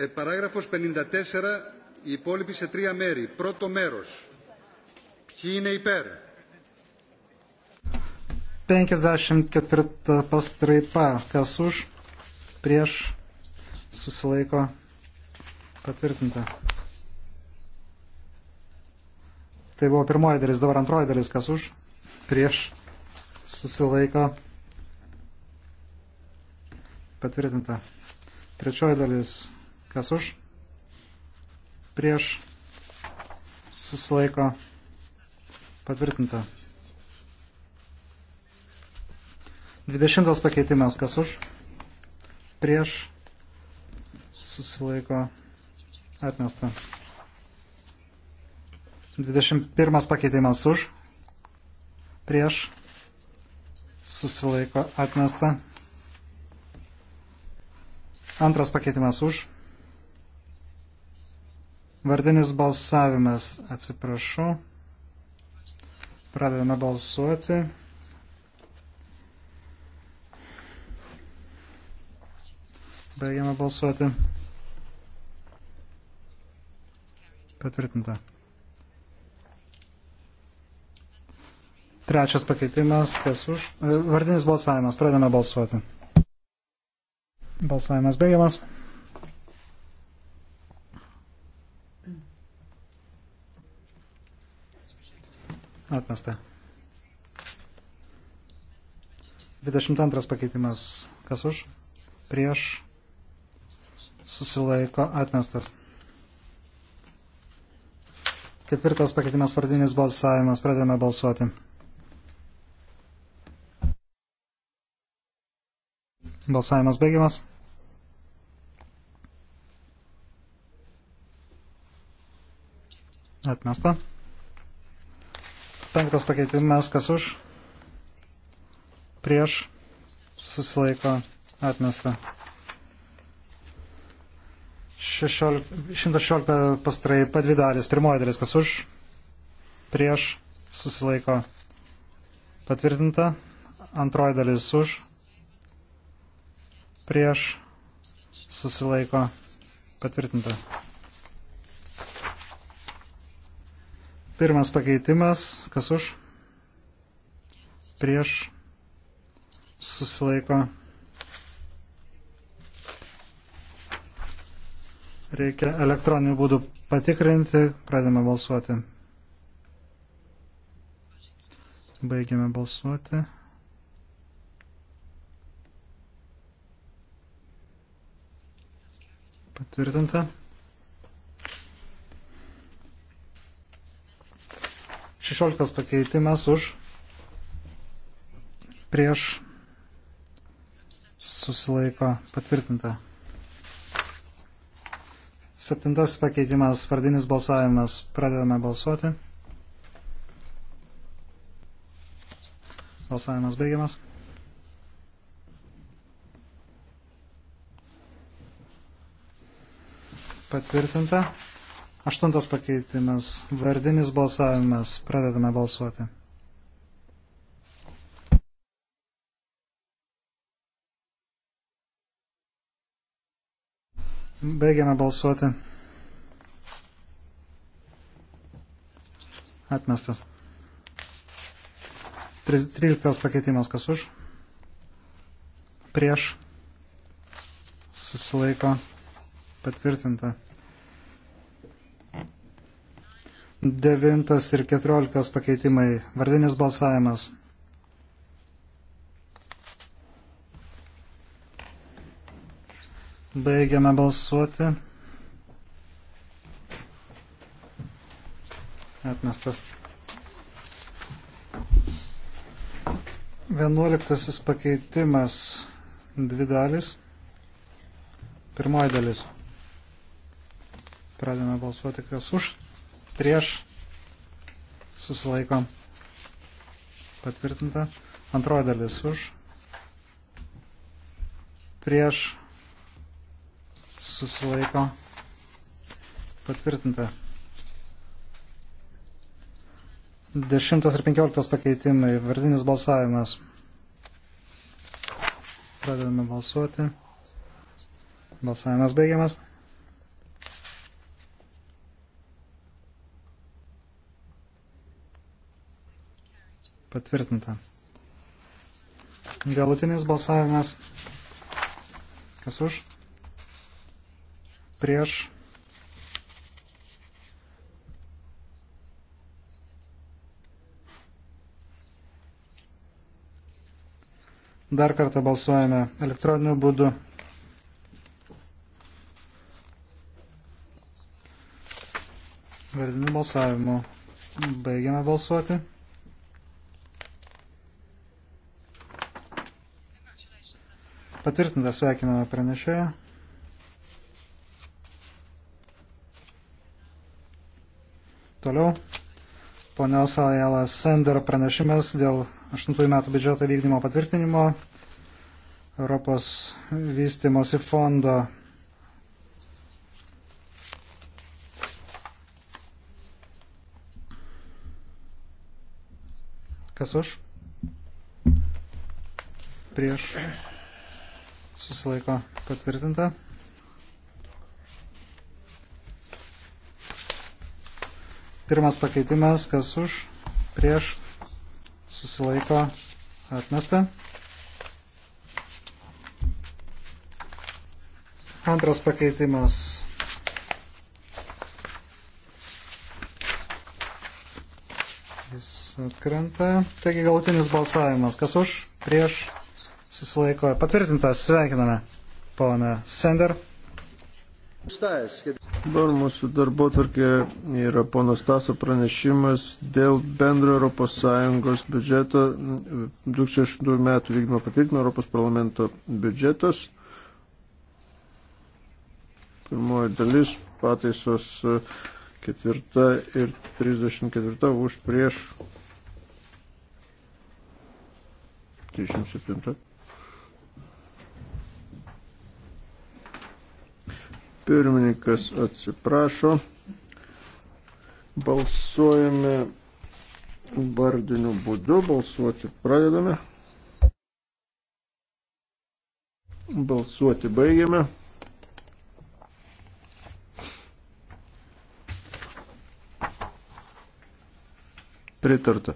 Ε, παράγραφος 54, η υπόλοιπη σε τρία μέρη. Πρώτο μέρος. Ποιοι είναι υπέρ. 54 pastraipa, kas už, prieš, susilaiko, patvirtinta. Tai buvo pirmoji dalis, dabar antroji dalis, kas už, prieš, susilaiko, patvirtinta. Trečioji dalis, Kas už? Prieš susilaiko patvirtinta. 20 pakeitimas. Kas už? Prieš susilaiko atmesta. 21 pakeitimas už. Prieš susilaiko atmesta. Antras pakeitimas už Vardinis balsavimas, atsiprašau. Pradedame balsuoti. Baigiame balsuoti. Patvirtinta. Trečias pakeitimas, kas už. E, vardinis balsavimas, pradedame balsuoti. Balsavimas baigiamas. Atmesta. 22 pakeitimas. Kas už? Prieš. Susilaiko. Atmestas. Ketvirtas pakeitimas vardinis balsavimas. Pradėjome balsuoti. Balsavimas baigiamas. Atmesta. Penktas pakeitimas, kas už, prieš, susilaiko, atmesta. 116 pastraipa, dvi dalis. Pirmoji dalis, kas už, prieš, susilaiko, patvirtinta. Antroji dalis už, prieš, susilaiko, patvirtinta. Pirmas pakeitimas, kas už, prieš, susilaiko. Reikia elektroniniu būdu patikrinti, pradėme balsuoti. Baigiame balsuoti. Patvirtinta. 16 pakeitimas už prieš susilaiko patvirtinta. Septintas pakeitimas, vardinis balsavimas. Pradedame balsuoti. Balsavimas baigiamas. Patvirtinta. Aštuntas pakeitimas. Vardinis balsavimas. Pradedame balsuoti. Baigiame balsuoti. Atmestas. 13 pakeitimas kas už. Prieš. Susilaiko. Patvirtinta. 9 ir 14 pakeitimai. Vardinis balsavimas. Baigiame balsuoti. Atmestas. 11 pakeitimas. Dvi dalis. Pirmoji dalis. Pradėjome balsuoti, kas už prieš, susilaiko, patvirtinta. Antroji dalis už, prieš, susilaiko, patvirtinta. 10 ir 15 pakeitimai, vardinis balsavimas. Pradedame balsuoti. Balsavimas baigiamas. Patvirtinta. Galutinis balsavimas. Kas už? Prieš. Dar kartą balsuojame elektroniniu būdu. Vardiniu balsavimu. Baigiame balsuoti. Patvirtinta sveikiname pranešėją. Toliau. Ponios Ajala Sender pranešimas dėl 8 metų biudžeto vykdymo patvirtinimo Europos vystimosi fondo Kas už? Prieš susilaiko patvirtinta. Pirmas pakeitimas, kas už, prieš, susilaiko atmesta. Antras pakeitimas. Jis atkrenta. Taigi galutinis balsavimas. Kas už, prieš, susilaiko patvirtintas. Sveikiname, pona Sender. Dabar mūsų darbo tvarkė yra pono Staso pranešimas dėl bendro ES biudžeto 2002 metų vykdymo patvirtino Europos parlamento biudžetas. Pirmoji dalis pataisos e, ketvirta ir 34 už prieš 37. Pirmininkas atsiprašo. Balsuojame vardiniu būdu. Balsuoti pradedame. Balsuoti baigiame. Pritarta.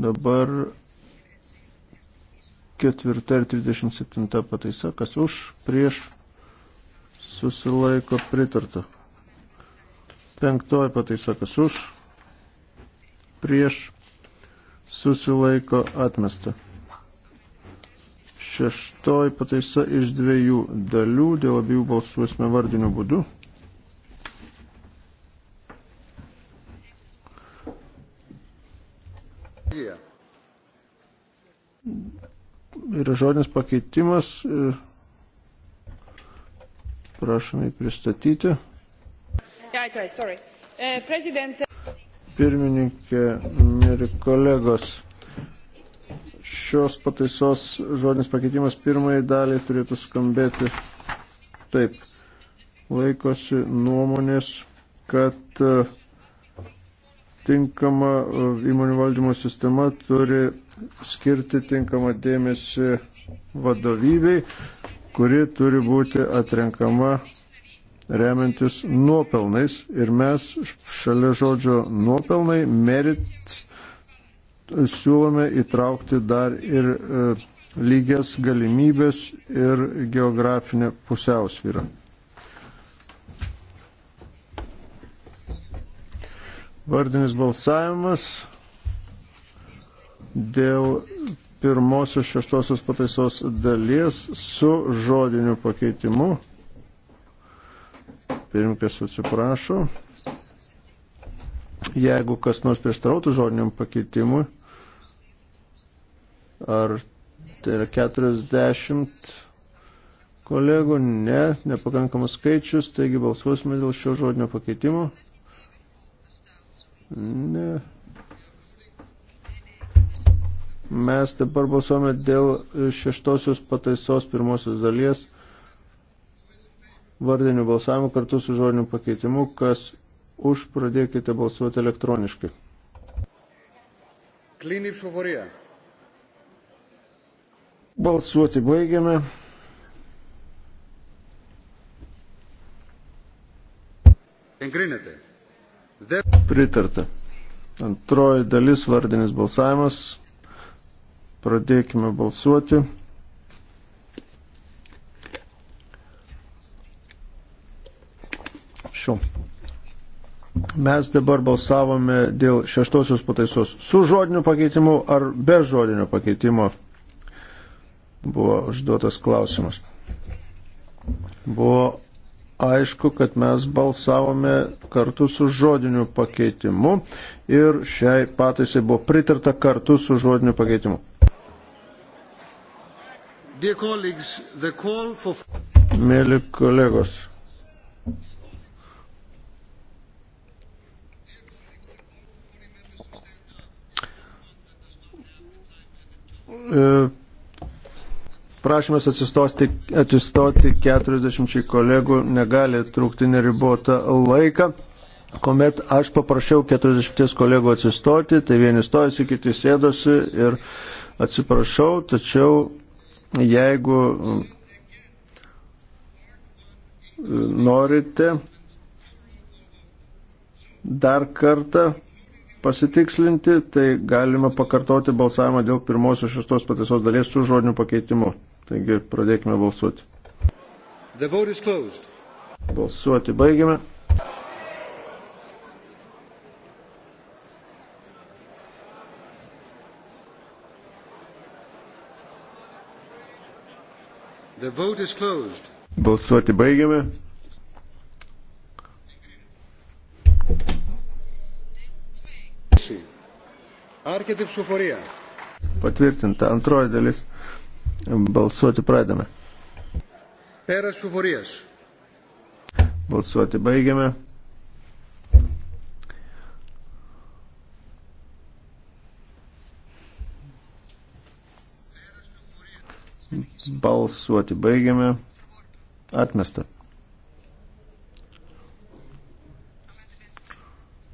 Dabar 34 ir 37 pataisa, kas už, prieš, susilaiko pritarta. Penktoji pataisa, kas už, prieš, susilaiko atmesta. Šeštoji pataisa iš dviejų dalių, dėl abiejų balsuosime vardiniu būdu. yra žodinis pakeitimas. Prašom jį pristatyti. Uh, Pirmininkė, mėly kolegos, šios pataisos žodinis pakeitimas pirmai daliai turėtų skambėti taip. Laikosi nuomonės, kad uh, tinkama e, įmonių valdymo sistema turi skirti tinkamą dėmesį vadovybei, kuri turi būti atrenkama remiantis nuopelnais. Ir mes šalia žodžio nuopelnai merit siūlome įtraukti dar ir e, lygias galimybės ir geografinę pusiausvyrą. Vardinis balsavimas dėl pirmosios šeštosios pataisos dalies su žodiniu pakeitimu. Pirmkas atsiprašo. Jeigu kas nors prieštarautų žodiniam pakeitimui, ar tai yra 40 kolegų, ne, nepakankamas skaičius, taigi balsuosime dėl šio žodinio pakeitimo. Ne. Mes dabar balsuome dėl šeštosios pataisos pirmosios dalies vardinių balsavimų kartu su žodiniu pakeitimu, kas už pradėkite balsuoti elektroniškai. Klinį šuvorėje. Balsuoti baigiame. Εγκρίνεται. Pritarta. Antroji dalis vardinis balsavimas. Pradėkime balsuoti. Šiuo. Mes dabar balsavome dėl šeštosios pataisos su žodiniu pakeitimu ar be žodinio pakeitimo buvo užduotas klausimas. Buvo aišku, kad mes balsavome kartu su žodiniu pakeitimu ir šiai pataisai buvo pritarta kartu su žodiniu pakeitimu. For... Mėly kolegos. E, Prašymas atsistoti, atsistoti 40 kolegų negali trukti neribotą laiką. Komet aš paprašiau 40 kolegų atsistoti, tai vieni stojasi, kiti sėdosi ir atsiprašau, tačiau jeigu e, norite dar kartą pasitikslinti, tai galima pakartoti balsavimą dėl pirmosios šeštos pataisos dalies su žodiniu pakeitimu. Taigi pradėkime balsuoti. Balsuoti baigiame. Balsuoti baigiame. Patvirtinta antroji dalis. Balsuoti pradame. Pėras suforijas. Balsuoti baigiame. Balsuoti baigiame. Atmesta.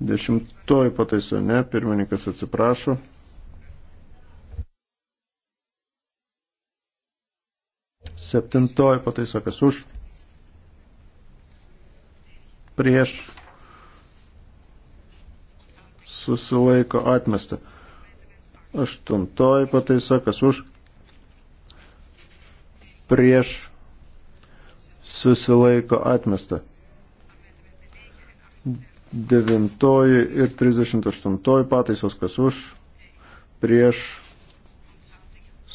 Dešimtoji pataiso ne, pirmininkas atsiprašo. Septintoji pataiso, kas už, prieš, susilaiko atmesta. Aštuntoji pataisa, kas už, prieš, susilaiko atmesta. Devintoji ir 38 pataisos, kas už, prieš,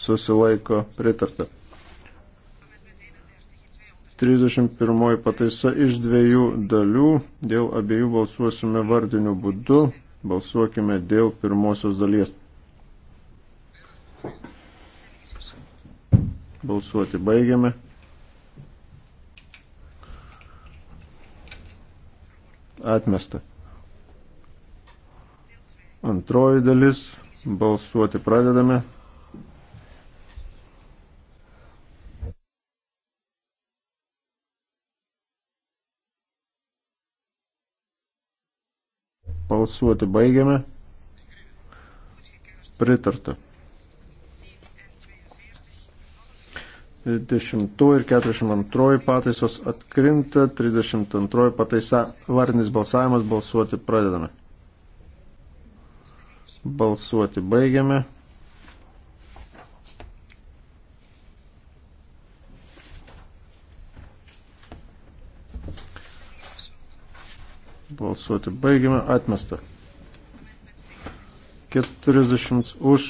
susilaiko pritarta. 31 pataisa iš dviejų dalių, dėl abiejų balsuosime vardiniu būdu, balsuokime dėl pirmosios dalies. Balsuoti baigiame. Atmesta. Antroji dalis. Balsuoti pradedame. Balsuoti baigiame. Pritarta. 10 ir 42 pataisos atkrinta, 32 pataisa varnis balsavimas, balsuoti pradedame. Balsuoti baigiame. Balsuoti baigiame. Atmesta. 40 už.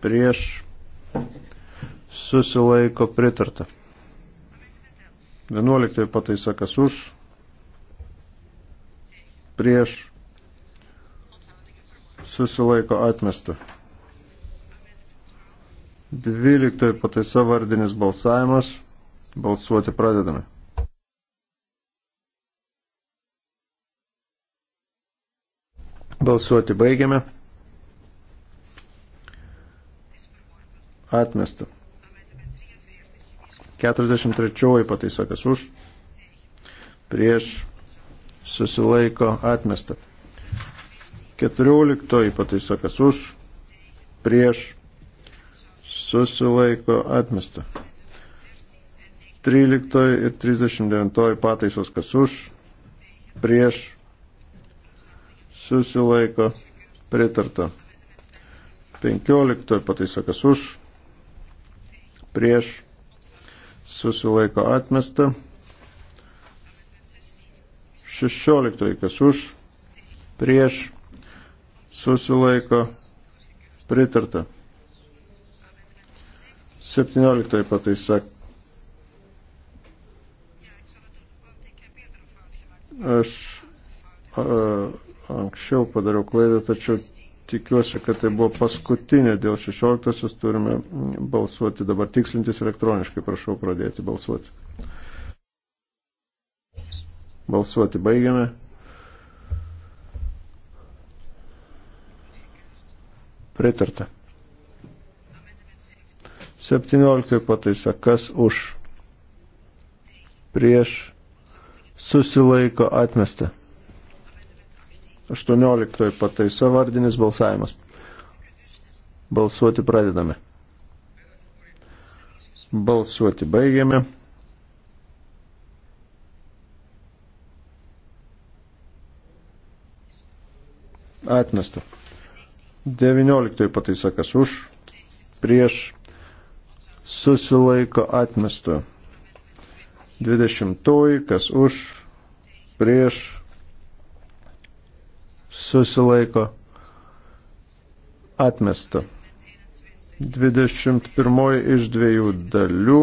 Prieš. Susilaiko pritarta. 11 pataisa kas už. Prieš. Susilaiko atmesta. 12 pataisa vardinis balsavimas. Balsuoti pradedame. Balsuoti baigiame. Atmesta. 43 pataisa kas už. Prieš susilaiko atmesta. 14 pataisa kas už. Prieš susilaiko atmesta. 13 ir 39 pataisos kas už. Prieš susilaiko pritarta. 15 pataisakas už, prieš susilaiko atmesta. 16 kas už, prieš susilaiko pritarta. 17 pataisa. Aš a, anksčiau padariau klaidą, tačiau tikiuosi, kad tai buvo paskutinė dėl 16-osios, turime balsuoti dabar tikslintis elektroniškai, prašau pradėti balsuoti. Balsuoti baigiame. Pritarta. 17 pataisa, kas už, prieš, susilaiko atmesta. 18 pataisa vardinis balsavimas. Balsuoti pradedame. Balsuoti baigiame. Atmesta. 19 pataisa kas už, prieš, susilaiko atmesta. 20 kas už, prieš, susilaiko atmesta. 21 iš dviejų dalių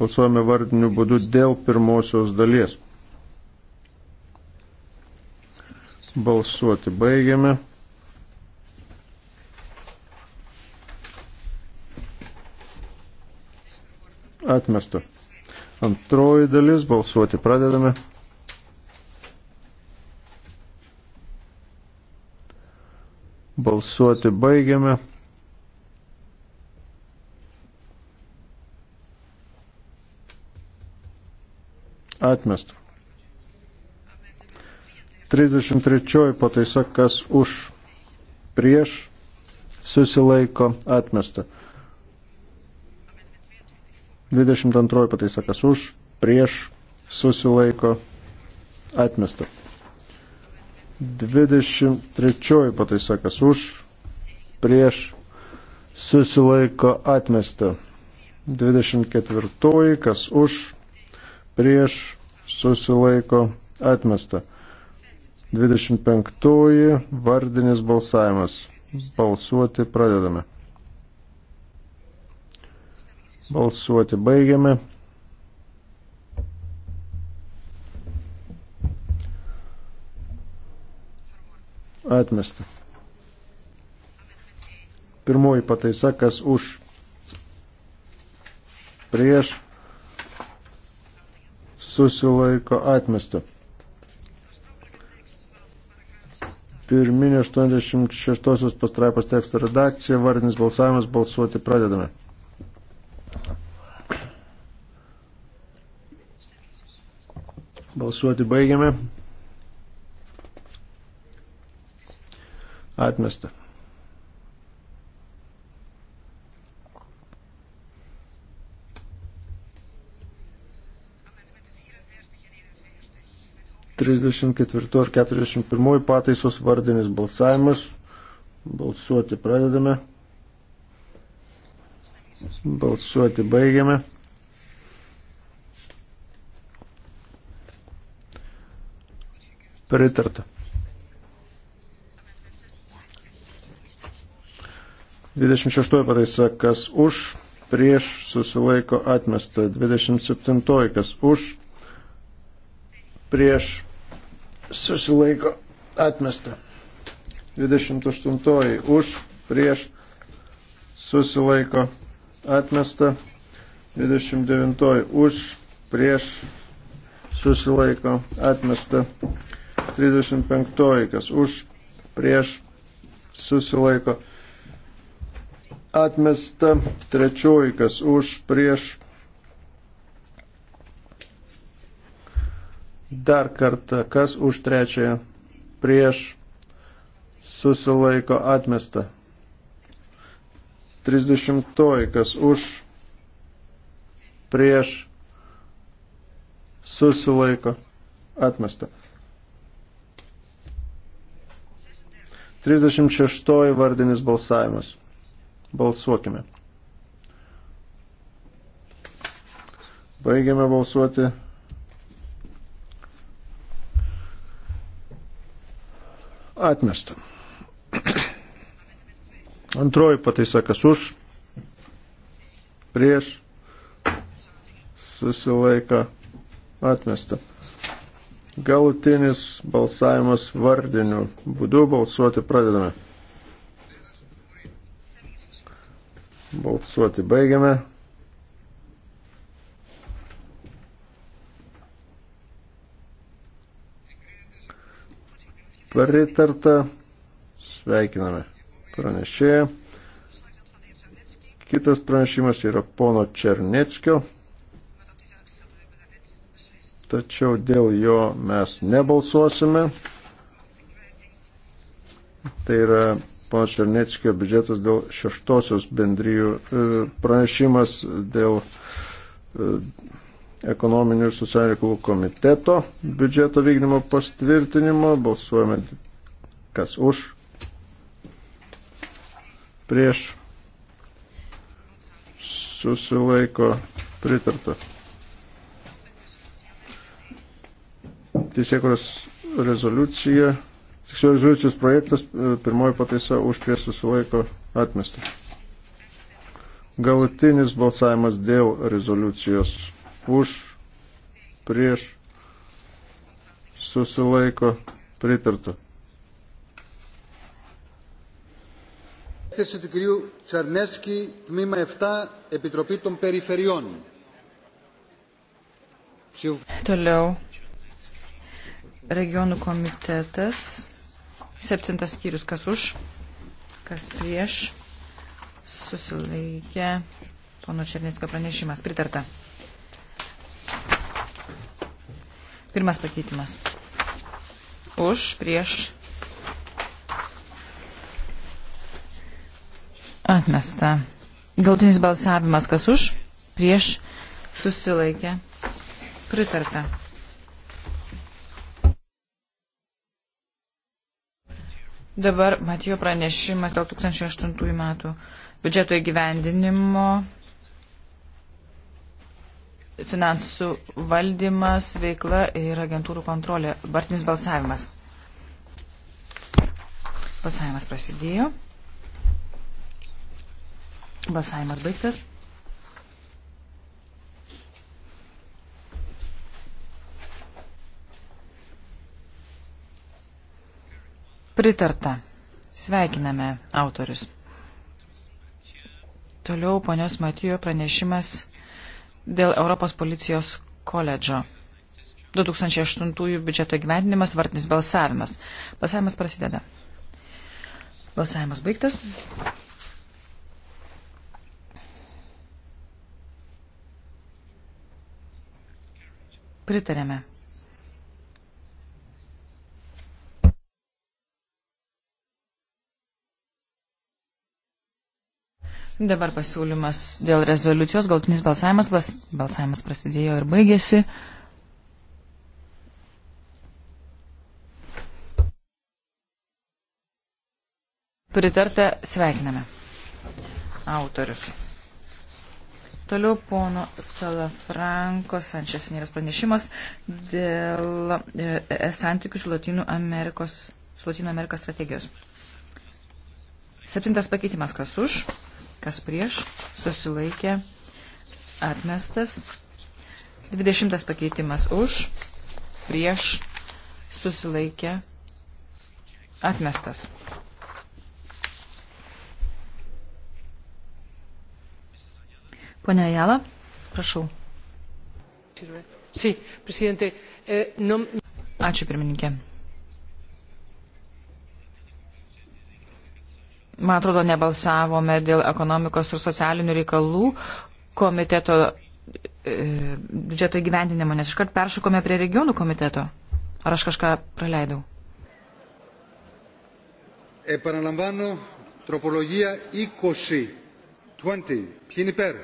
balsuojame vardiniu būdu dėl pirmosios dalies. Balsuoti baigiame. Atmesta. Antroji dalis, balsuoti pradedame. Balsuoti baigiame. Atmesta. 33 pataisa, kas už, prieš, susilaiko, atmesta. 22 pataisa, kas už, prieš, susilaiko, atmesta. 23 pataisa, kas už, prieš, susilaiko atmesta. 24, kas už, prieš, susilaiko atmesta. 25, vardinis balsavimas. Balsuoti pradedame. Balsuoti baigiame. Atmesta. Pirmoji pataisa, kas už, prieš, susilaiko atmesta. Pirminė 86 pastraipos teksto redakcija, vardinis balsavimas, balsuoti pradedame. Balsuoti baigiame. Atmesta. Trisdešimt ketvirtų ar keturiasdešimt pirmųjų pataisos vardinis balsavimas. Balsuoti pradedame. Balsuoti baigiame. Pritarta. 26 pataisa, kas už, prieš susilaiko atmesta. 27 kas už, prieš susilaiko atmesta. 28 už, prieš susilaiko atmesta. 29 už, prieš susilaiko atmesta. 35 kas už, prieš susilaiko atmesta atmesta, trečioji kas už, prieš. Dar kartą, kas už trečiąją, prieš, susilaiko atmesta. Trisdešimtoji kas už, prieš, susilaiko atmesta. 36 vardinis balsavimas. Balsuokime. Baigiame balsuoti. Atmesta. Antroji pataisa, kas už, prieš, susilaika, atmesta. Galutinis balsavimas vardiniu būdu balsuoti pradedame. Balsuoti baigiame. Pritarta. Sveikiname pranešėją. Kitas pranešimas yra pono Černeckio. Tačiau dėl jo mes nebalsuosime. Tai yra pana Černeckio biudžetas dėl šeštosios bendryjų e, pranešimas dėl e, ekonominių ir socialinių komiteto biudžeto vykdymo pastvirtinimo. Balsuojame kas už, prieš, susilaiko pritarta. Teisėkuros rezoliucija Tiksliau žiūrėčius projektas, e, pirmoji pataisa už prieš susilaiko atmestą. Galutinis balsavimas dėl rezoliucijos už prieš susilaiko pritartų. Έκθεση του κυρίου Τσαρνέσκη, τμήμα 7, Επιτροπή των Περιφερειών. Toliau regionų komitetas Septintas skyrius, kas už, kas prieš, susilaikė pono Černiesko pranešimas. Pritarta. Pirmas pakeitimas. Už, prieš. Atmesta. Galutinis balsavimas, kas už, prieš, susilaikė. Pritarta. Dabar Matijo pranešimas dėl 2008 metų biudžeto įgyvendinimo, finansų valdymas, veikla ir agentūrų kontrolė. Bartinis balsavimas. Balsavimas prasidėjo. Balsavimas baigtas. Pritarta. Sveikiname autorius. Toliau ponios Matijo pranešimas dėl Europos policijos koledžo. 2008 biudžeto gyvendinimas, vartinis balsavimas. Balsavimas prasideda. Balsavimas baigtas. Pritarėme. Dabar pasiūlymas dėl rezoliucijos, galtinis balsavimas, bas, balsavimas prasidėjo ir baigėsi. Pritarta, sveikiname. Autorius. Toliau pono Salafranko Sančias Nėras pranešimas dėl e, e, santykių su Latino Amerikos, su Latino Amerikos strategijos. Septintas pakeitimas, kas už? kas prieš, susilaikė, atmestas. 20 pakeitimas už, prieš, susilaikė, atmestas. Pone Ajala, prašau. Eh, Ačiū pirmininkė. man atrodo, nebalsavome dėl ekonomikos ir socialinių reikalų komiteto e, biudžeto įgyvendinimo, nes iškart peršokome prie regionų komiteto. Ar aš kažką praleidau? Επαναλαμβάνω, τροπολογία 20. 20. Ποιοι είναι υπέρ.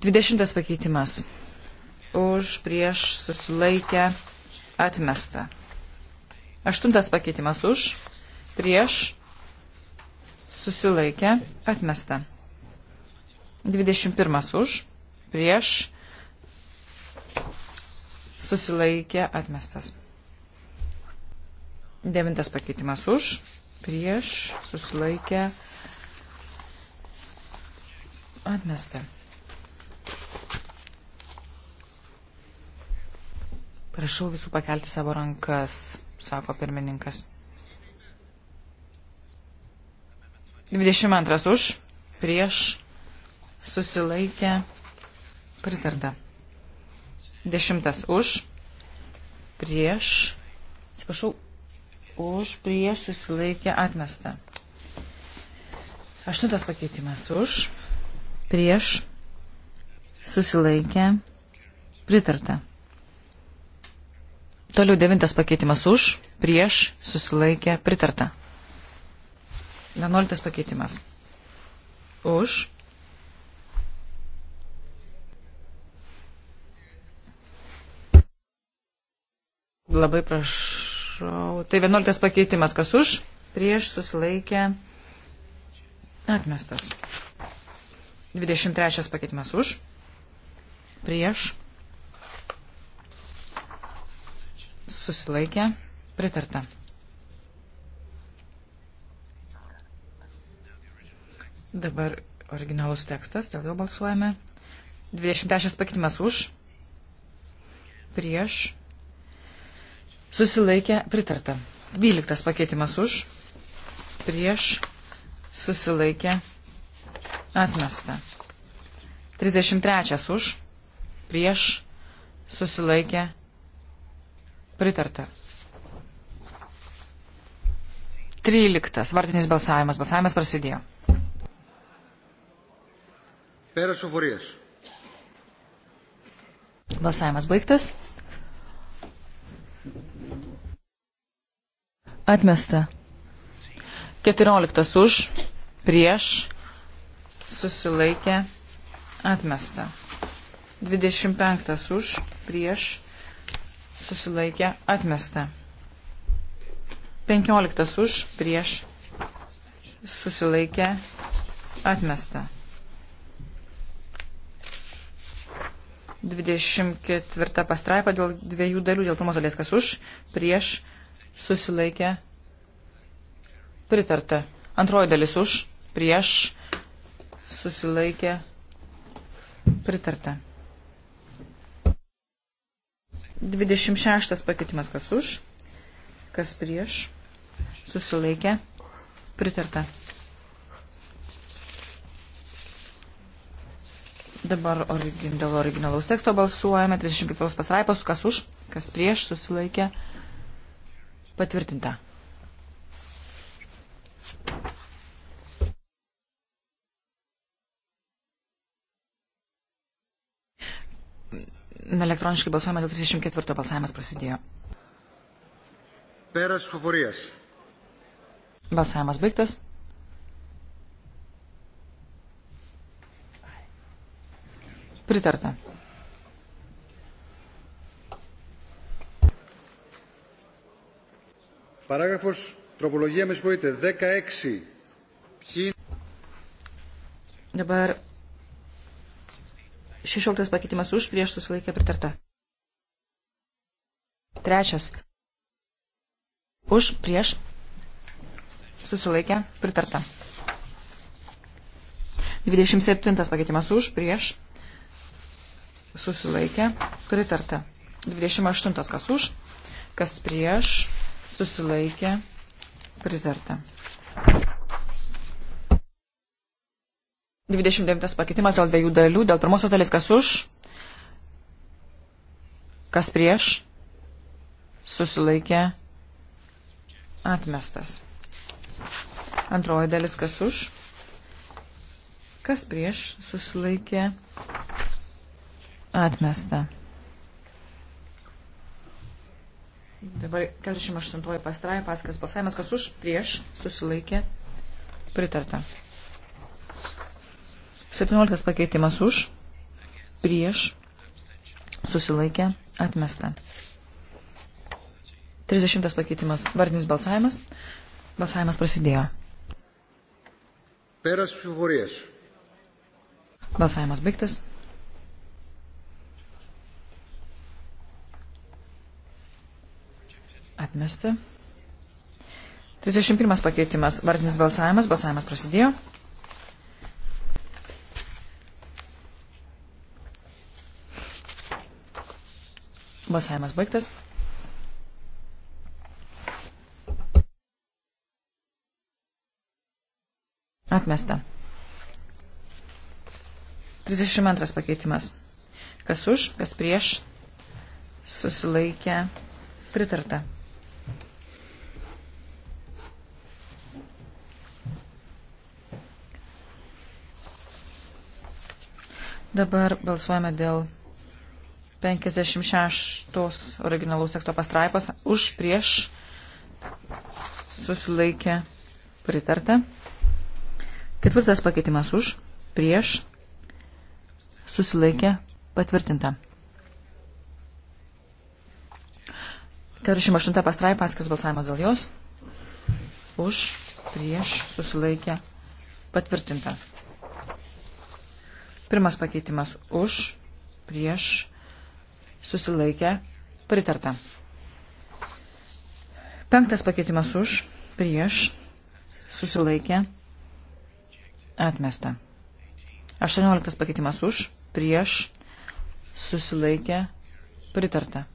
20 pakeitimas. Už prieš susilaikę atmesta. 8 pakeitimas už prieš susilaikė, atmesta. 21 už, prieš, susilaikė, atmestas. 9 pakeitimas už, prieš, susilaikė, atmesta. Prašau visų pakelti savo rankas, sako pirmininkas. 22 už, prieš, susilaikė, pritarta. 10 už, prieš, atsiprašau, už, prieš, susilaikė, atmesta. 8 pakeitimas už, prieš, susilaikė, pritarta. Toliau devintas pakeitimas už, prieš, susilaikė, pritarta. 11 pakeitimas. Už. Labai prašau. Tai 11 pakeitimas. Kas už? Prieš susilaikę. Atmestas. 23 pakeitimas už. Prieš. Susilaikę. Pritarta. Dabar originalus tekstas, dėl jo balsuojame. 23 pakeitimas už, prieš, susilaikė, pritarta. 12 pakeitimas už, prieš, susilaikė, atmesta. 33 už, prieš, susilaikė, pritarta. 13. Vartinis balsavimas. Balsavimas prasidėjo. Pėras Uvorijas. Balsavimas baigtas. Atmesta. 14 už, prieš, susilaikė, atmesta. 25 už, prieš, susilaikė, atmesta. 15 už, prieš, susilaikė, atmesta. 24 pastraipą dėl dviejų dalių, dėl pirmos dalies kas už, prieš, susilaikė, pritarta. Antroji dalis už, prieš, susilaikė, pritarta. 26 pakeitimas kas už, kas prieš, susilaikė, pritarta. Dabar origin, dėl originalaus teksto balsuojame. 35 pasraipos, kas už, kas prieš, susilaikė. Patvirtinta. Elektroniškai balsuojame, 34 balsavimas prasidėjo. Peras favorijas. Balsavimas baigtas. Pritarta. Παράγραφος τροπολογία με συγχωρείτε 16. Ποιοι... Dabar 16 pakeitimas už prieš susilaikė pritarta. Trečias. Už prieš susilaikė pritarta. 27 pakeitimas už prieš susilaikė, pritarta. 28 kas už, kas prieš, susilaikė, pritarta. 29 pakeitimas dėl dviejų dalių, dėl pirmosios dalies kas už, kas prieš, susilaikė, atmestas. Antroji dalis kas už, kas prieš, susilaikė, atmestas Atmesta. Dabar 48 pastraja, paskas balsavimas, kas už, prieš, susilaikė, pritarta. 17 pakeitimas už, prieš, susilaikė, atmesta. 30 pakeitimas, vardinis balsavimas, balsavimas prasidėjo. Peras Fivorės. Balsavimas baigtas. Atmesta. 31 pakeitimas. Vardinis balsavimas. Balsavimas prasidėjo. Balsavimas baigtas. Atmesta. 32 pakeitimas. Kas už, kas prieš, susilaikė, pritarta. Dabar balsuojame dėl 56 originalaus teksto pastraipos. Už prieš susilaikė pritarta. Ketvirtas pakeitimas už prieš susilaikė patvirtinta. 48 pastraipa atskiras balsavimas dėl jos. Už prieš susilaikė patvirtinta. Pirmas pakeitimas už, prieš, susilaikę, pritarta. Penktas pakeitimas už, prieš, susilaikę, atmesta. Aštuonioliktas pakeitimas už, prieš, susilaikę, pritarta.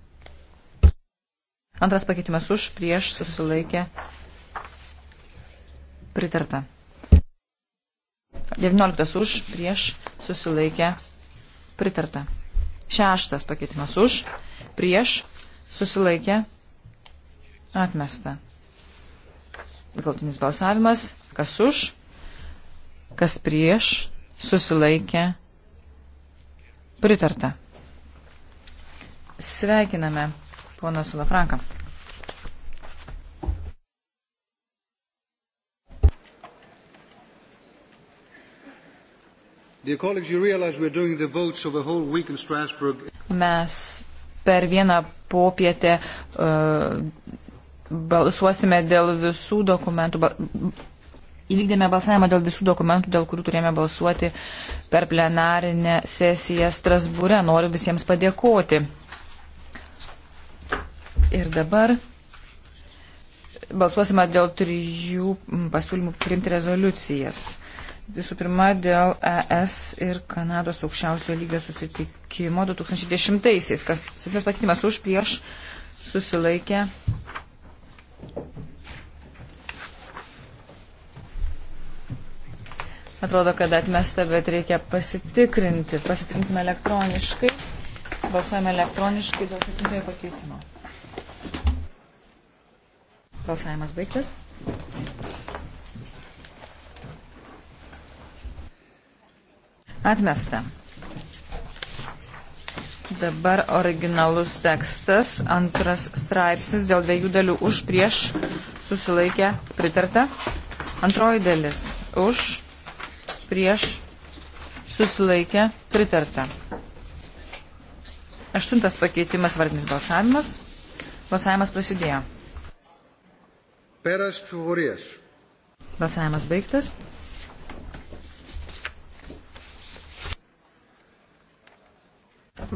Antras pakeitimas už, prieš, susilaikę, pritarta. 19 už, prieš, susilaikę, pritarta. Šeštas pakeitimas už, prieš, susilaikę, atmesta. Galtinis balsavimas, kas už, kas prieš, susilaikę, pritarta. Sveikiname poną Sulafranką. Mes per vieną popietę uh, balsuosime dėl visų dokumentų. Ba, įvykdėme balsavimą dėl visų dokumentų, dėl kurių turėjome balsuoti per plenarinę sesiją Strasbūre. Noriu visiems padėkoti. Ir dabar balsuosime dėl trijų pasiūlymų priimti rezoliucijas. Visų pirma, dėl ES ir Kanados aukščiausio lygio susitikimo 2010-aisiais. Kas septynas pakeitimas už prieš susilaikė. Atrodo, kad atmesta, bet reikia pasitikrinti. Pasitikrinsime elektroniškai. Balsuojame elektroniškai dėl septintojo pakeitimo. Balsavimas baigtas. Atmesta. Dabar originalus tekstas, antras straipsnis dėl dviejų dalių už prieš susilaikę pritarta. Antroji dalis už prieš susilaikę pritarta. Aštuntas pakeitimas vardinis balsavimas. Balsavimas prasidėjo. Peras Čuvorijas. Balsavimas baigtas.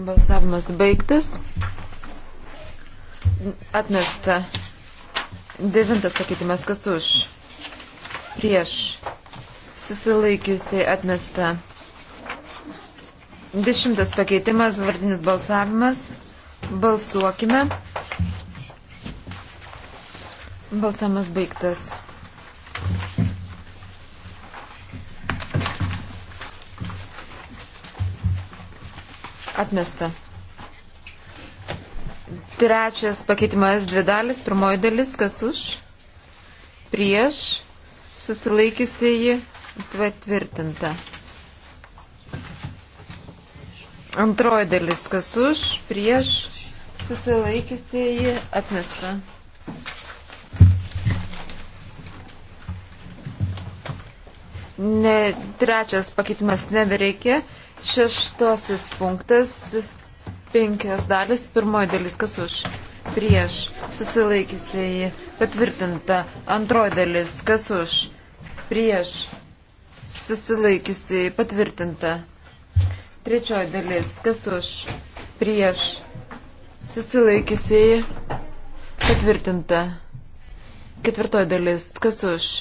Balsavimas baigtas. Atmesta. Devintas pakeitimas, kas už? Prieš. Susilaikiusiai atmesta. Dešimtas pakeitimas, vardinis balsavimas. Balsuokime. Balsavimas baigtas. Atmesta. Trečias pakeitimas dvi dalis. Pirmoji dalis, kas už, prieš, susilaikysiai patvirtinta. Antroji dalis, kas už, prieš, susilaikiusiai atmesta. Ne, trečias pakeitimas nebereikia. Šeštasis punktas, penkios dalis, pirmoji dalis, kas už, prieš, susilaikiusiai, patvirtinta, antroji dalis, kas už, prieš, susilaikiusiai, patvirtinta, trečioji dalis, kas už, prieš, susilaikiusiai, patvirtinta, ketvirtoji dalis, kas už,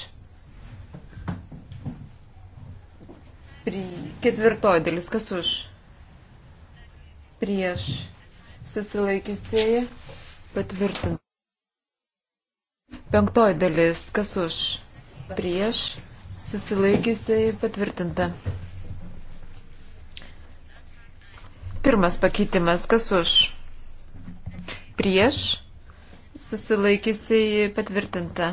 Pri... Ketvirtoji dalis, kas už? Prieš susilaikiusieji patvirtinta. Penktoji dalis, kas už? Prieš susilaikiusieji patvirtinta. Pirmas pakeitimas, kas už? Prieš susilaikiusieji patvirtinta.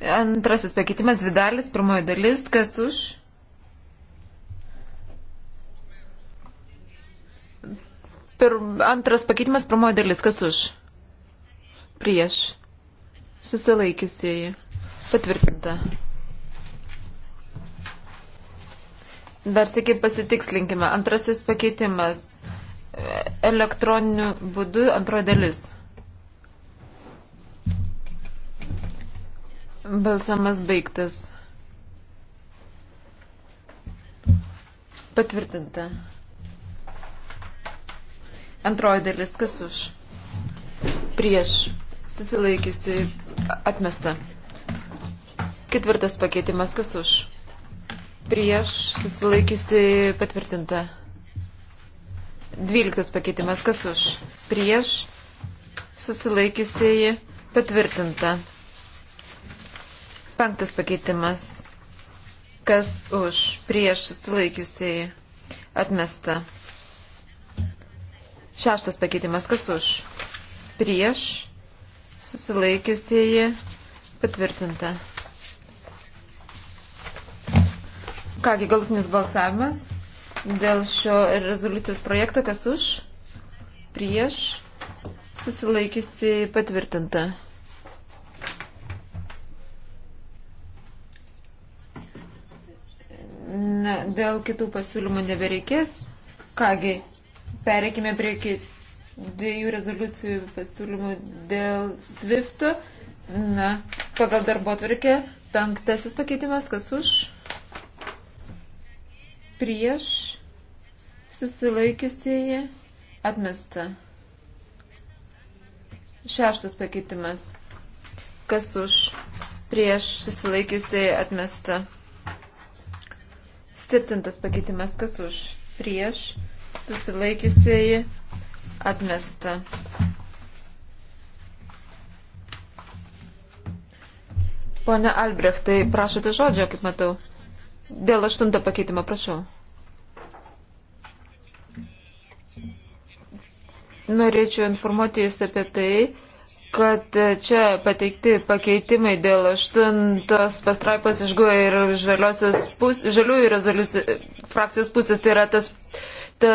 Antrasis pakeitimas, dvi dalis, pirmoji dalis, kas už? Pir, antras pakeitimas, pirmoji dalis, kas už? Prieš. Susilaikysieji. Patvirtinta. Dar sėkiai pasitikslinkime. Antrasis pakeitimas. Elektroniniu būdu antroji dalis. Balsamas baigtas. Patvirtinta. Antroji dalis, kas už? Prieš. Susilaikiusi atmesta. Ketvirtas pakeitimas, kas už? Prieš susilaikiusi patvirtinta. Dvyliktas pakeitimas, kas už? Prieš susilaikiusi patvirtinta. Penktas pakeitimas. Kas už prieš susilaikiusiai atmesta. Šeštas pakeitimas. Kas už prieš susilaikiusiai patvirtinta. Kągi, galutinis balsavimas dėl šio rezoliucijos projekto, kas už, prieš, susilaikysi patvirtinta. Na, dėl kitų pasiūlymų nebereikės. Kągi, pereikime prie dviejų rezoliucijų pasiūlymų dėl SWIFT. Na, pagal darbo atvarkę, penktasis pakeitimas, kas už? Prieš susilaikiusieji atmesta. Šeštas pakeitimas, kas už? Prieš susilaikiusieji atmesta. Septintas pakeitimas, kas už prieš susilaikiusieji atmesta. Pone Albrechtai, prašote žodžio, kaip matau. Dėl aštunto pakeitimo, prašau. Norėčiau informuoti Jūs apie tai, kad čia pateikti pakeitimai dėl aštuntos pastraipos išguoja e ir žaliosios pus, žaliųjų rezoliucijų frakcijos pusės, tai yra tas, ta,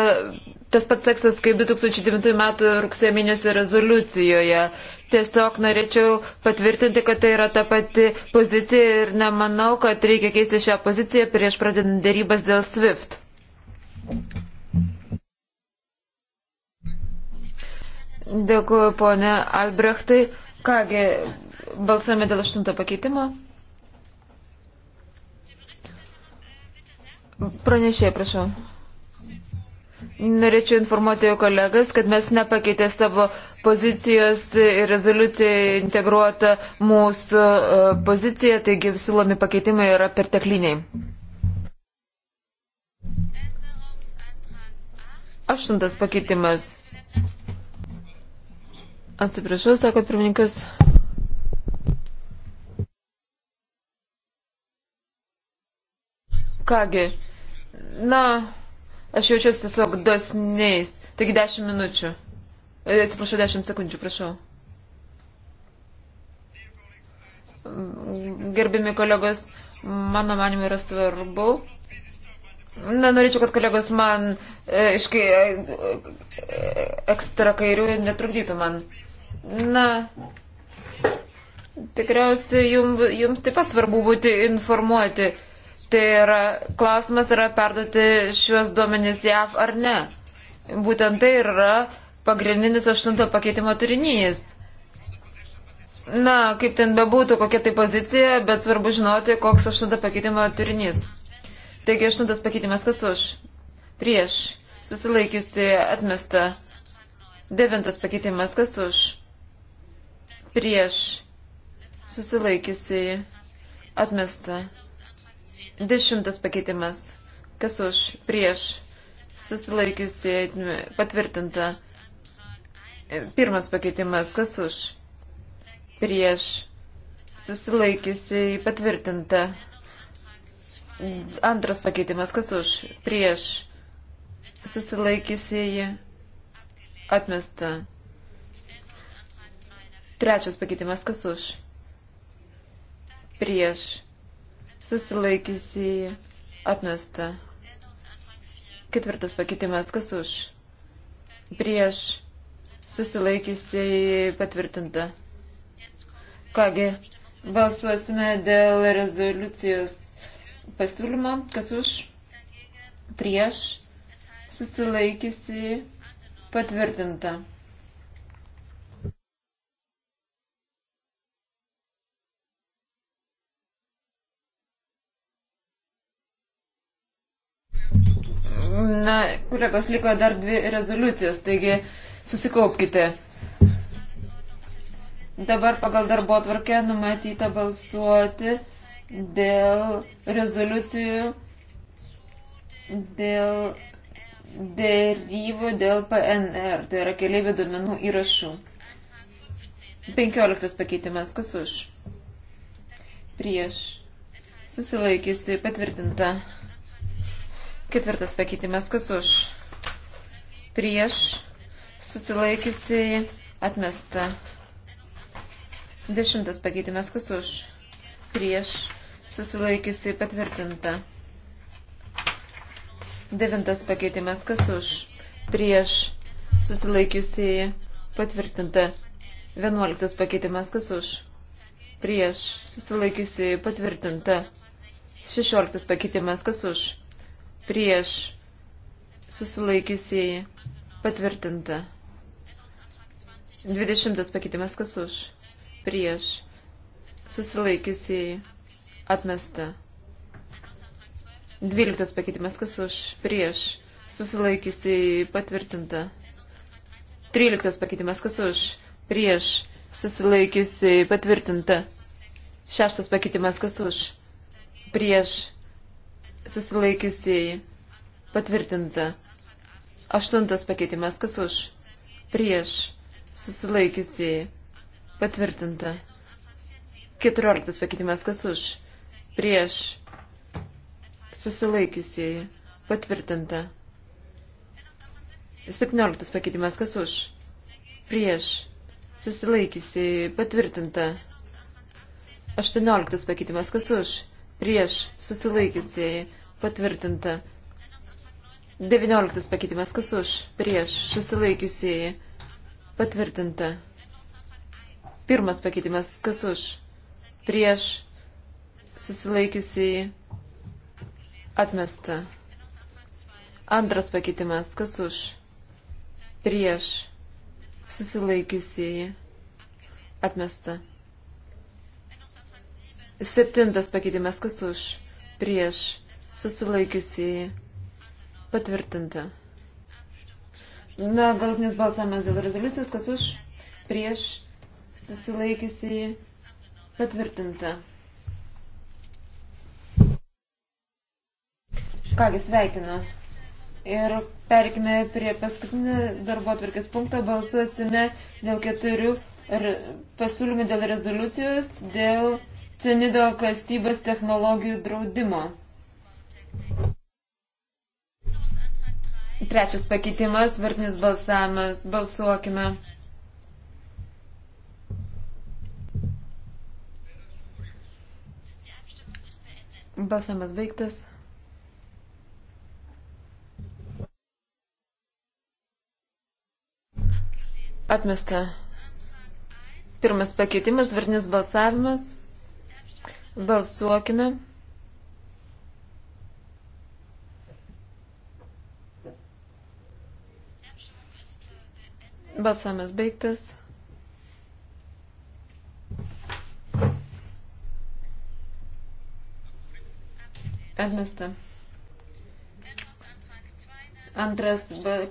tas pats seksas kaip 2009 metų rugsėjo mėnesio rezoliucijoje. Tiesiog norėčiau patvirtinti, kad tai yra ta pati pozicija ir nemanau, kad reikia keisti šią poziciją prieš pradedant dėrybas dėl SWIFT. Dėkuoju, ponė Albrechtai. Kągi, balsuojame dėl aštunto pakeitimo. Pranešė, prašau. Norėčiau informuoti jo kolegas, kad mes nepakeitė savo pozicijos ir rezoliucija integruota mūsų e, pozicija, taigi siūlomi pakeitimai yra pertekliniai. Aštuntas pakeitimas. Atsiprašau, sako pirmininkas. Kągi, na, aš jaučiuosi tiesiog dosniais. Taigi 10 minučių. E, atsiprašau, 10 sekundžių, prašau. Gerbimi kolegos, mano manimu yra svarbu Na, norėčiau, kad kolegos man e, iš kai, e, e, ekstra kairių netrukdytų man. Na, tikriausiai jums, jums taip pat svarbu būti informuoti. Tai yra, klausimas yra perduoti šiuos duomenys JAV ar ne. Būtent tai yra pagrindinis aštunto pakeitimo turinys. Na, kaip ten bebūtų, kokia tai pozicija, bet svarbu žinoti, koks aštunto pakeitimo turinys. Taigi aštuntas pakeitimas, kas už? Prieš. Susilaikiusi atmesta. Devintas pakeitimas, kas už? Prieš. Susilaikiusi atmesta. Dešimtas pakeitimas, kas už? Prieš. Susilaikiusi patvirtinta. Pirmas pakeitimas, kas už? Prieš. Susilaikiusi patvirtinta. Antras pakeitimas, kas už, prieš, susilaikysieji, atmesta. Trečias pakeitimas, kas už, prieš, susilaikysieji, atmesta. Ketvirtas pakeitimas, kas už, prieš, susilaikysiai patvirtinta. Kągi, balsuosime dėl rezoliucijos pasiūlymą, kas už, prieš, susilaikysi, patvirtinta. Na, kolegos, liko dar dvi rezoliucijos, taigi susikaupkite. Dabar pagal darbo tvarkę numatyta balsuoti dėl rezoliucijų, dėl dėrybių dėl PNR, tai yra keliaivių duomenų įrašų. 15 pakeitimas, kas už? Prieš. Susilaikysi, patvirtinta. Ketvirtas pakeitimas, kas už? Prieš. Susilaikysi, atmesta. Dešimtas pakeitimas, kas už? Prieš susilaikiusi patvirtinta. Devintas pakeitimas, kas už, prieš, susilaikiusi patvirtinta. Vienuoliktas pakeitimas, kas už, prieš, susilaikiusi patvirtinta. Šešioliktas pakeitimas, kas už, prieš, susilaikiusi patvirtinta. Dvidešimtas pakeitimas, kas už, prieš, susilaikiusiai Atmesta. 12 pakeitimas, kas už prieš susilaikiusi patvirtinta. 13 pakeitimas, kas už prieš susilaikiusi patvirtinta. 6 pakeitimas, kas už prieš susilaikiusi patvirtinta. 8 pakeitimas, kas už prieš susilaikiusi patvirtinta. 14 pakeitimas, kas už prieš susilaikiusieji patvirtinta. 17 pakeitimas kas už prieš susilaikiusieji patvirtinta. 18 pakeitimas kas už prieš susilaikiusieji patvirtinta. 19 pakeitimas kas už prieš susilaikiusieji patvirtinta. Pirmas pakeitimas kas už prieš susilaikiusiai atmesta. Antras pakeitimas, kas už, prieš, susilaikiusiai atmesta. Septintas pakeitimas, kas už, prieš, susilaikiusiai patvirtinta. Na, galutinis balsavimas dėl rezoliucijos, kas už, prieš, susilaikiusiai patvirtinta. Kągi sveikinu. Ir perkime prie paskutinio darbo atvarkės punkto. Balsuosime dėl keturių pasiūlymų dėl rezoliucijos, dėl cenido kasybos technologijų draudimo. Trečias pakeitimas, vartinis balsavimas. Balsuokime. Balsavimas baigtas. Atmesta. Pirmas pakeitimas, varnis balsavimas. Balsuokime. Balsavimas baigtas. Atmesta. Antras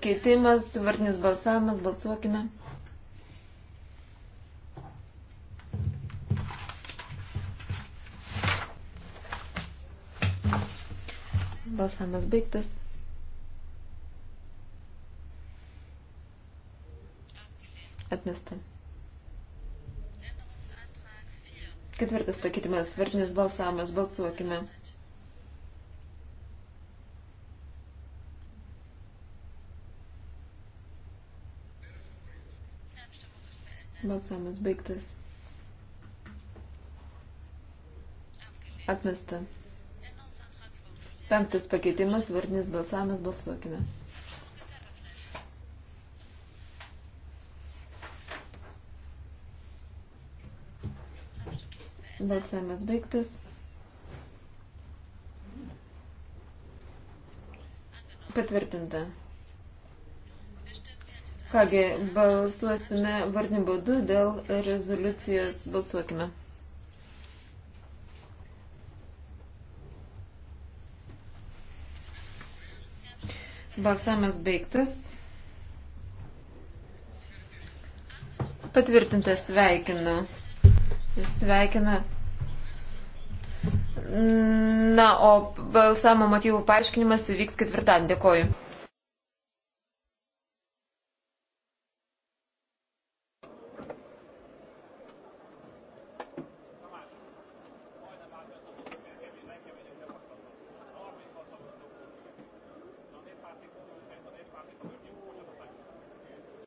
keitimas, varnis balsavimas, balsuokime. Balsavimas baigtas. Atmesta. Ketvirtas pakeitimas. Vardinis balsavimas. Balsuokime. Balsavimas baigtas. Atmesta. Penktas pakeitimas, vardinis balsavimas, balsuokime. Balsavimas baigtas. Patvirtinta. Kągi, balsuosime vardiniu būdu dėl rezoliucijos. Balsuokime. Balsavimas baigtas. Patvirtintas sveikinu. Sveikinu. Na, o balsavimo motyvų paaiškinimas įvyks ketvirtadienį. Dėkoju.